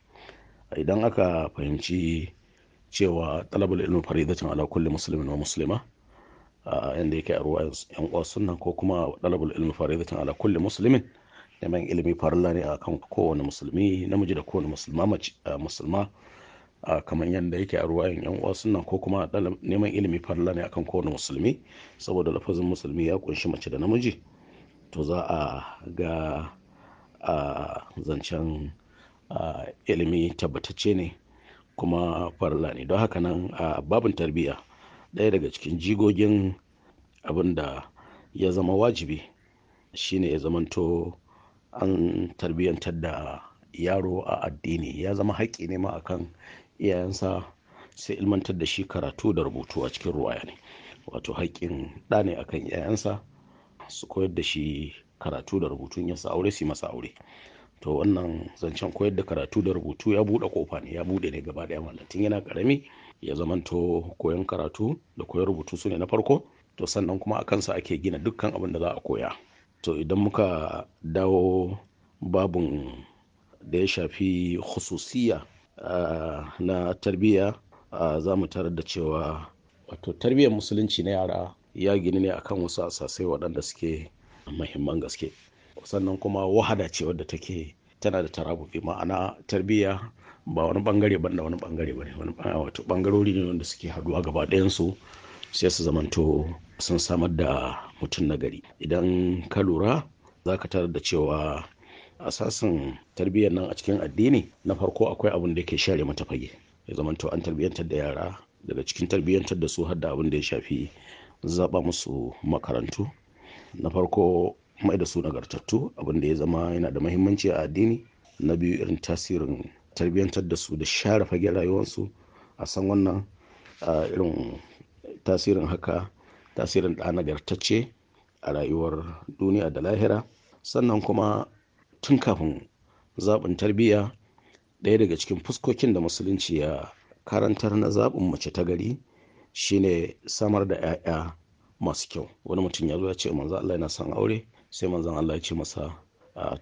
Speaker 14: idan aka fahimci cewa talabar ilmi faridatun ala kulli Musulmin wa Musulma yadda yake a ruwa yan uwa sunna ko kuma talabar ilmi faridatun ala kulli Musulmin neman ilimi farilla ne kan kowane musulmi namiji da kowane musulma musulma kamar yadda yake a ruwa yan uwa sunna ko kuma neman ilimi farilla ne kan kowane musulmi saboda lafazin musulmi ya kunshi mace da namiji to za a ga a zancen ilimi tabbatacce ne kuma farla ne don haka nan a babin tarbiyya ɗaya daga cikin jigogin abin da ya zama wajibi shine ya zamanto an tarbiyyantar da yaro a addini ya zama haƙƙi ne ma akan iyayensa sai ilmantar da shi karatu da rubutu a cikin ruwaya ne wato haƙƙin ɗa ne akan iyayensa su koyar da shi karatu da rubutu ya sa aure su masa aure to wannan zancen koyar da karatu da rubutu ya buɗe kofa ne ya buɗe ne gaba ɗaya tun yana karami ya zamanto koyon karatu da koyon rubutu su ne na farko to sannan kuma a kansa ake gina dukkan abin da za a koya to idan muka dawo babun da ya shafi khususiya ah, na tarbiyya ah, za mu tarar da cewa wato tarbiyyar musulunci na yara ya gini ne akan wasu asasai waɗanda suke mahimman gaske sannan kuma wahada ce wadda take tana da tarabufi ma'ana tarbiyya ba wani bangare ban da wani bangare ba ne wani wato bangarori ne wanda suke haduwa gaba ɗayansu sai su zamanto sun samar da mutum nagari. idan ka lura za ka tarar da cewa asasin tarbiyyar nan a cikin addini na farko akwai abin da ke share mata fage ya zamanto an tarbiyyantar da yara daga cikin tarbiyyantar da su har da abin da ya shafi zaɓa musu makarantu na farko mai da su nagartattu abin da ya zama yana da mahimmanci a addini na biyu irin tasirin tarbiyyantar da su da share fage rayuwarsu a san wannan irin tasirin haka tasirin da nagartacce a rayuwar duniya da lahira sannan kuma tun kafin zaɓin tarbiyya ɗaya daga cikin fuskokin da musulunci ya karantar na zaɓin mace ta gari shine samar da 'ya'ya masu kyau wani mutum ya zo ya ce manzo Allah yana son aure sai manzon Allah ya ce masa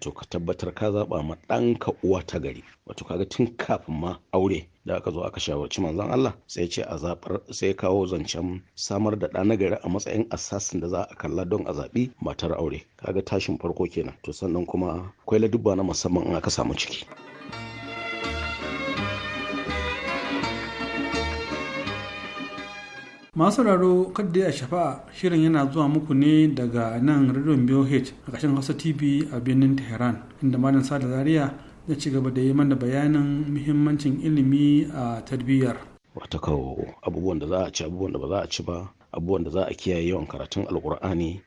Speaker 14: to ka tabbatar ka zaba ma ɗanka uwa ta gari wato kaga tun kafin ma aure da aka zo aka shawarci manzon Allah sai ce a zabar sai kawo zancen samar da ɗa nagari a matsayin assassin da za a kalla don a zaɓi matar aure ka ga tashin farko kenan to sannan kuma akwai ladubba na musamman in aka samu ciki
Speaker 3: masu raro kaddai a shafa'a shirin yana zuwa muku ne daga nan radion h a ƙarshen hausa tv a birnin tehran inda malam sada zaria ya ci gaba da yi mana bayanin muhimmancin ilimi a tarbiyyar
Speaker 14: wata kawo abubuwan da za a ci abubuwan da ba za a ci ba abubuwan da za a kiyaye yawan karatun alkur'ani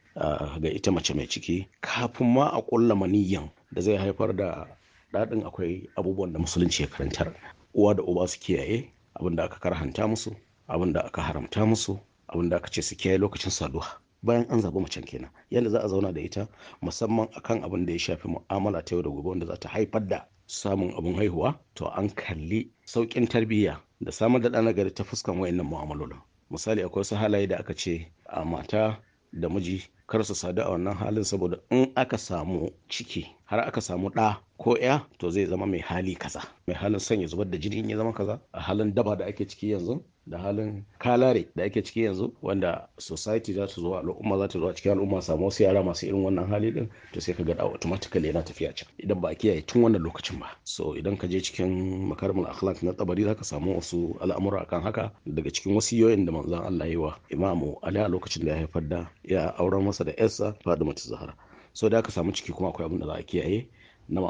Speaker 14: ga ita mace mai ciki kafin ma a kulla maniyyan da zai haifar da daɗin akwai abubuwan da musulunci ya karantar uwa da uba su kiyaye abin da aka karhanta musu abin da aka haramta musu abin da aka ce su kiyaye lokacin saduwa bayan an zaɓi macen kenan yadda za a zauna da ita musamman a kan abin da ya shafi mu'amala ta yau da gobe wanda za ta haifar da samun abin haihuwa to an kalli sauƙin tarbiyya da samar da ɗana gari ta fuskan wayannan mu'amalolin misali akwai wasu halaye da aka ce a mata da miji kar su sadu a wannan halin saboda in aka samu ciki har aka samu ɗa ko ya to zai zama mai hali kaza mai halin son ya zubar da jini ya zama kaza a halin daba da ake ciki yanzu da halin kalare da ake ciki yanzu wanda society za ta zo al'umma za ta zo a cikin al'umma samu wasu yara masu irin wannan hali din to sai ka ga automatically yana tafiya can idan ba a kiyaye tun wannan lokacin ba so idan ka je cikin makarimul akhlaq na tsabari za ka samu wasu al'amura akan haka daga cikin wasu yoyin da manzon Allah ya yi wa imamu ali a lokacin da ya haifar da ya auren masa da yarsa fadimatu Zahra so da aka samu ciki kuma akwai abin da za a kiyaye na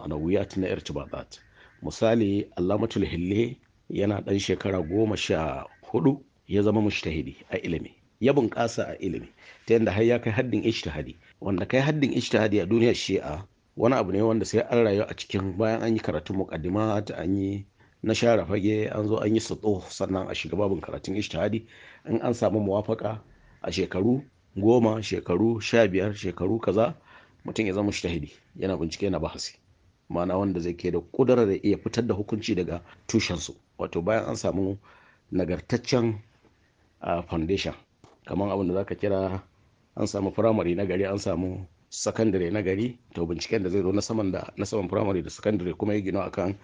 Speaker 14: tun na irtibatat misali alamatul hille yana dan shekara goma sha hudu ya zama mushtahidi a ilimi ya bunkasa a ilimi ta yadda har ya kai haddin ishtihadi wanda kai haddin ishtihadi a duniyar shi'a wani abu ne wanda sai an rayu a cikin bayan an yi karatun muqaddimat an yi na share fage an zo an yi sato sannan a shiga babin karatun ishtihadi in an samu muwafaka a shekaru goma shekaru sha biyar shekaru kaza mutum ya zama shahidi yana bincike yana bahasi ma'ana wanda zai ke da kudura da iya fitar da hukunci daga tushensu wato bayan an samu nagartaccen foundation kamar abin da za ka kira an samu firamare na gari an samu sakandare na gari to binciken da zai zo na saman na saman firamare da sakandare kuma ya gino akan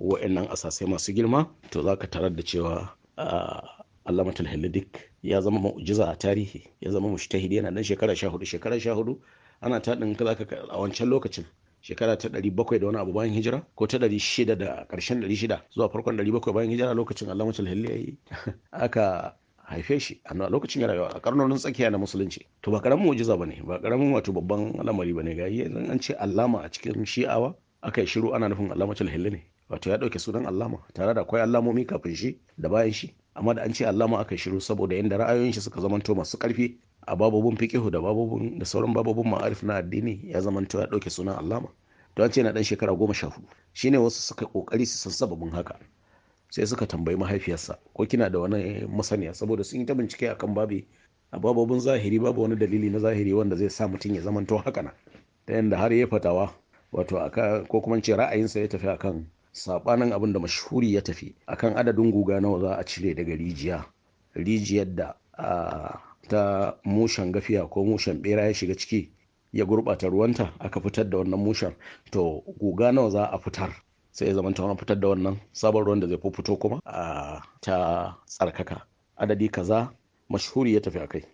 Speaker 14: wa'annan asasai masu girma to zaka tarar da cewa alamatul halidik ya zama ma'ujiza a tarihi ya zama mushtahidi yana dan shekara 14 shekara 14 ana ta ɗin za ka a wancan lokacin shekara ta ɗari bakwai da wani abu bayan hijira ko ta ɗari shida da ƙarshen ɗari shida zuwa farkon ɗari bakwai bayan hijira lokacin Allah mutul yi aka haife shi a lokacin ya rayuwa a karnonin tsakiya na musulunci to ba karamin mu'jiza ne ba karamin wato babban al'amari ba ne ga yi an ce allama a cikin shi'awa aka yi shiru ana nufin allamatul halli ne wato ya ɗauke sunan allama tare da akwai allamomi kafin shi da bayan shi amma da an ce allama aka yi shiru saboda yadda ra'ayoyin shi suka zamanto masu ƙarfi a babobin fikihu da babobin da sauran babobin ma'arif na addini ya zama ya dauke sunan allama to an ce na dan shekara goma sha hudu shine wasu suka kokari su san sababin haka sai suka tambayi mahaifiyarsa ko kina da wani masaniya saboda sun yi ta bincike akan babi a babobin zahiri babu wani dalili na zahiri wanda zai sa mutum ya zamanto haka na ta yadda har ya fatawa wato aka ko kuma ce ra'ayinsa ya tafi akan sabanin abin da mashuri ya tafi akan adadin guga nawa za a cire daga rijiya rijiyar da ah, ta mushen gafiya ko mushen bera ya shiga ciki ya gurbata ruwanta aka fitar da wannan mushen to guga nawa za a fitar sai ya zamanta wani fitar da wannan sabon ruwan da zai fito kuma a ta tsarkaka adadi kaza mashuri ya tafi akai kai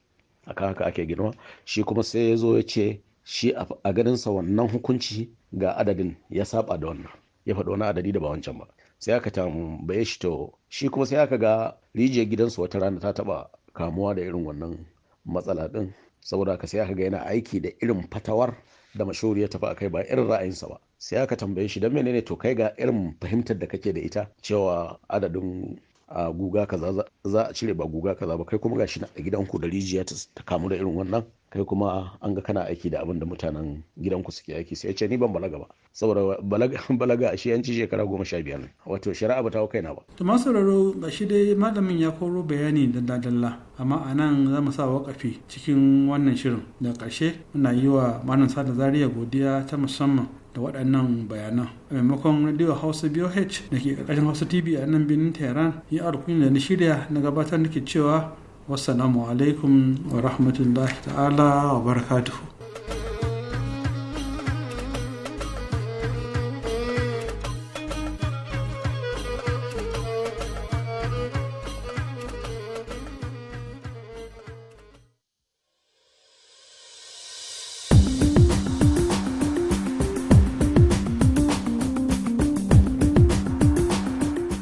Speaker 14: aka haka ake girma shi kuma sai ya zo ya ce shi a ganinsa wannan hukunci ga adadin ya saba da wannan ya faɗi wani adadi da ba wancan ba sai aka tambaye shi to shi kuma sai aka ga rijiyar gidansu wata rana ta taba kamuwa da irin wannan matsala din saboda ka sai aka ga yana aiki da irin fatawar da mashuri ya tafi a kai ba irin ra'ayinsa ba sai aka tambaye shi don menene to kai ga irin fahimtar da kake da ita cewa adadin a guga kaza za a cire ba guga kaza ba kai kuma gashi a ku da rijiya ta kamu da irin wannan kai kuma an ga kana aiki da abin da mutanen gidanku suke aiki sai ce ni ban balaga ba saboda balaga a shi yanci shekara goma sha biyar ne wato shari'a ba ta hau kaina ba.
Speaker 3: to masu ba shi dai malamin ya koro bayani da dalla amma a nan za mu sa wakafi cikin wannan shirin da ƙarshe muna yi wa malam sada zaria godiya ta musamman da waɗannan bayanan a maimakon radio hausa boh da ke ƙarƙashin hausa tv a nan birnin tehran yi rukunin da na shirya na gabatar da ke cewa wassalamu alaikum wa rahmatullahi ta'ala wa barakatuhu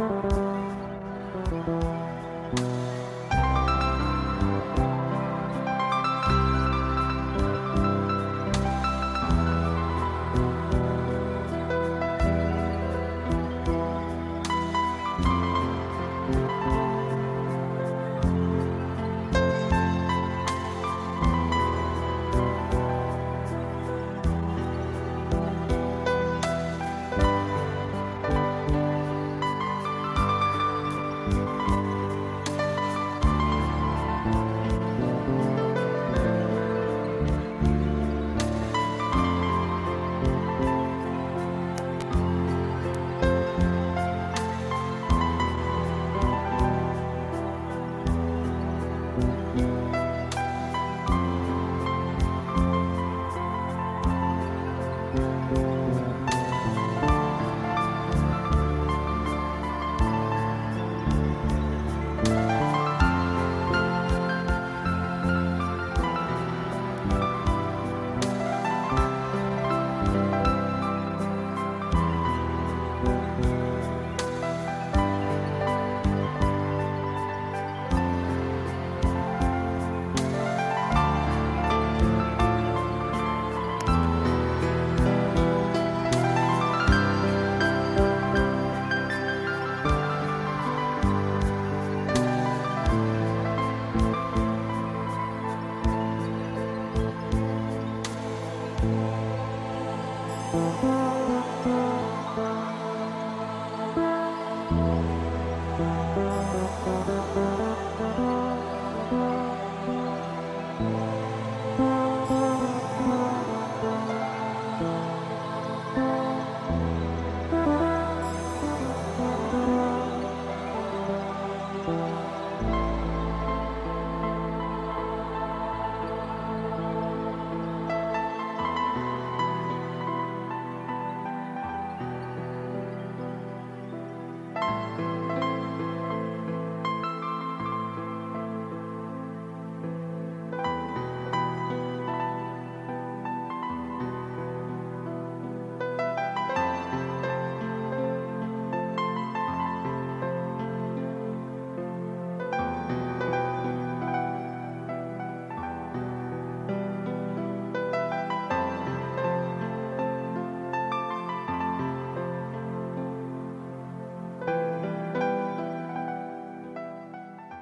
Speaker 10: you.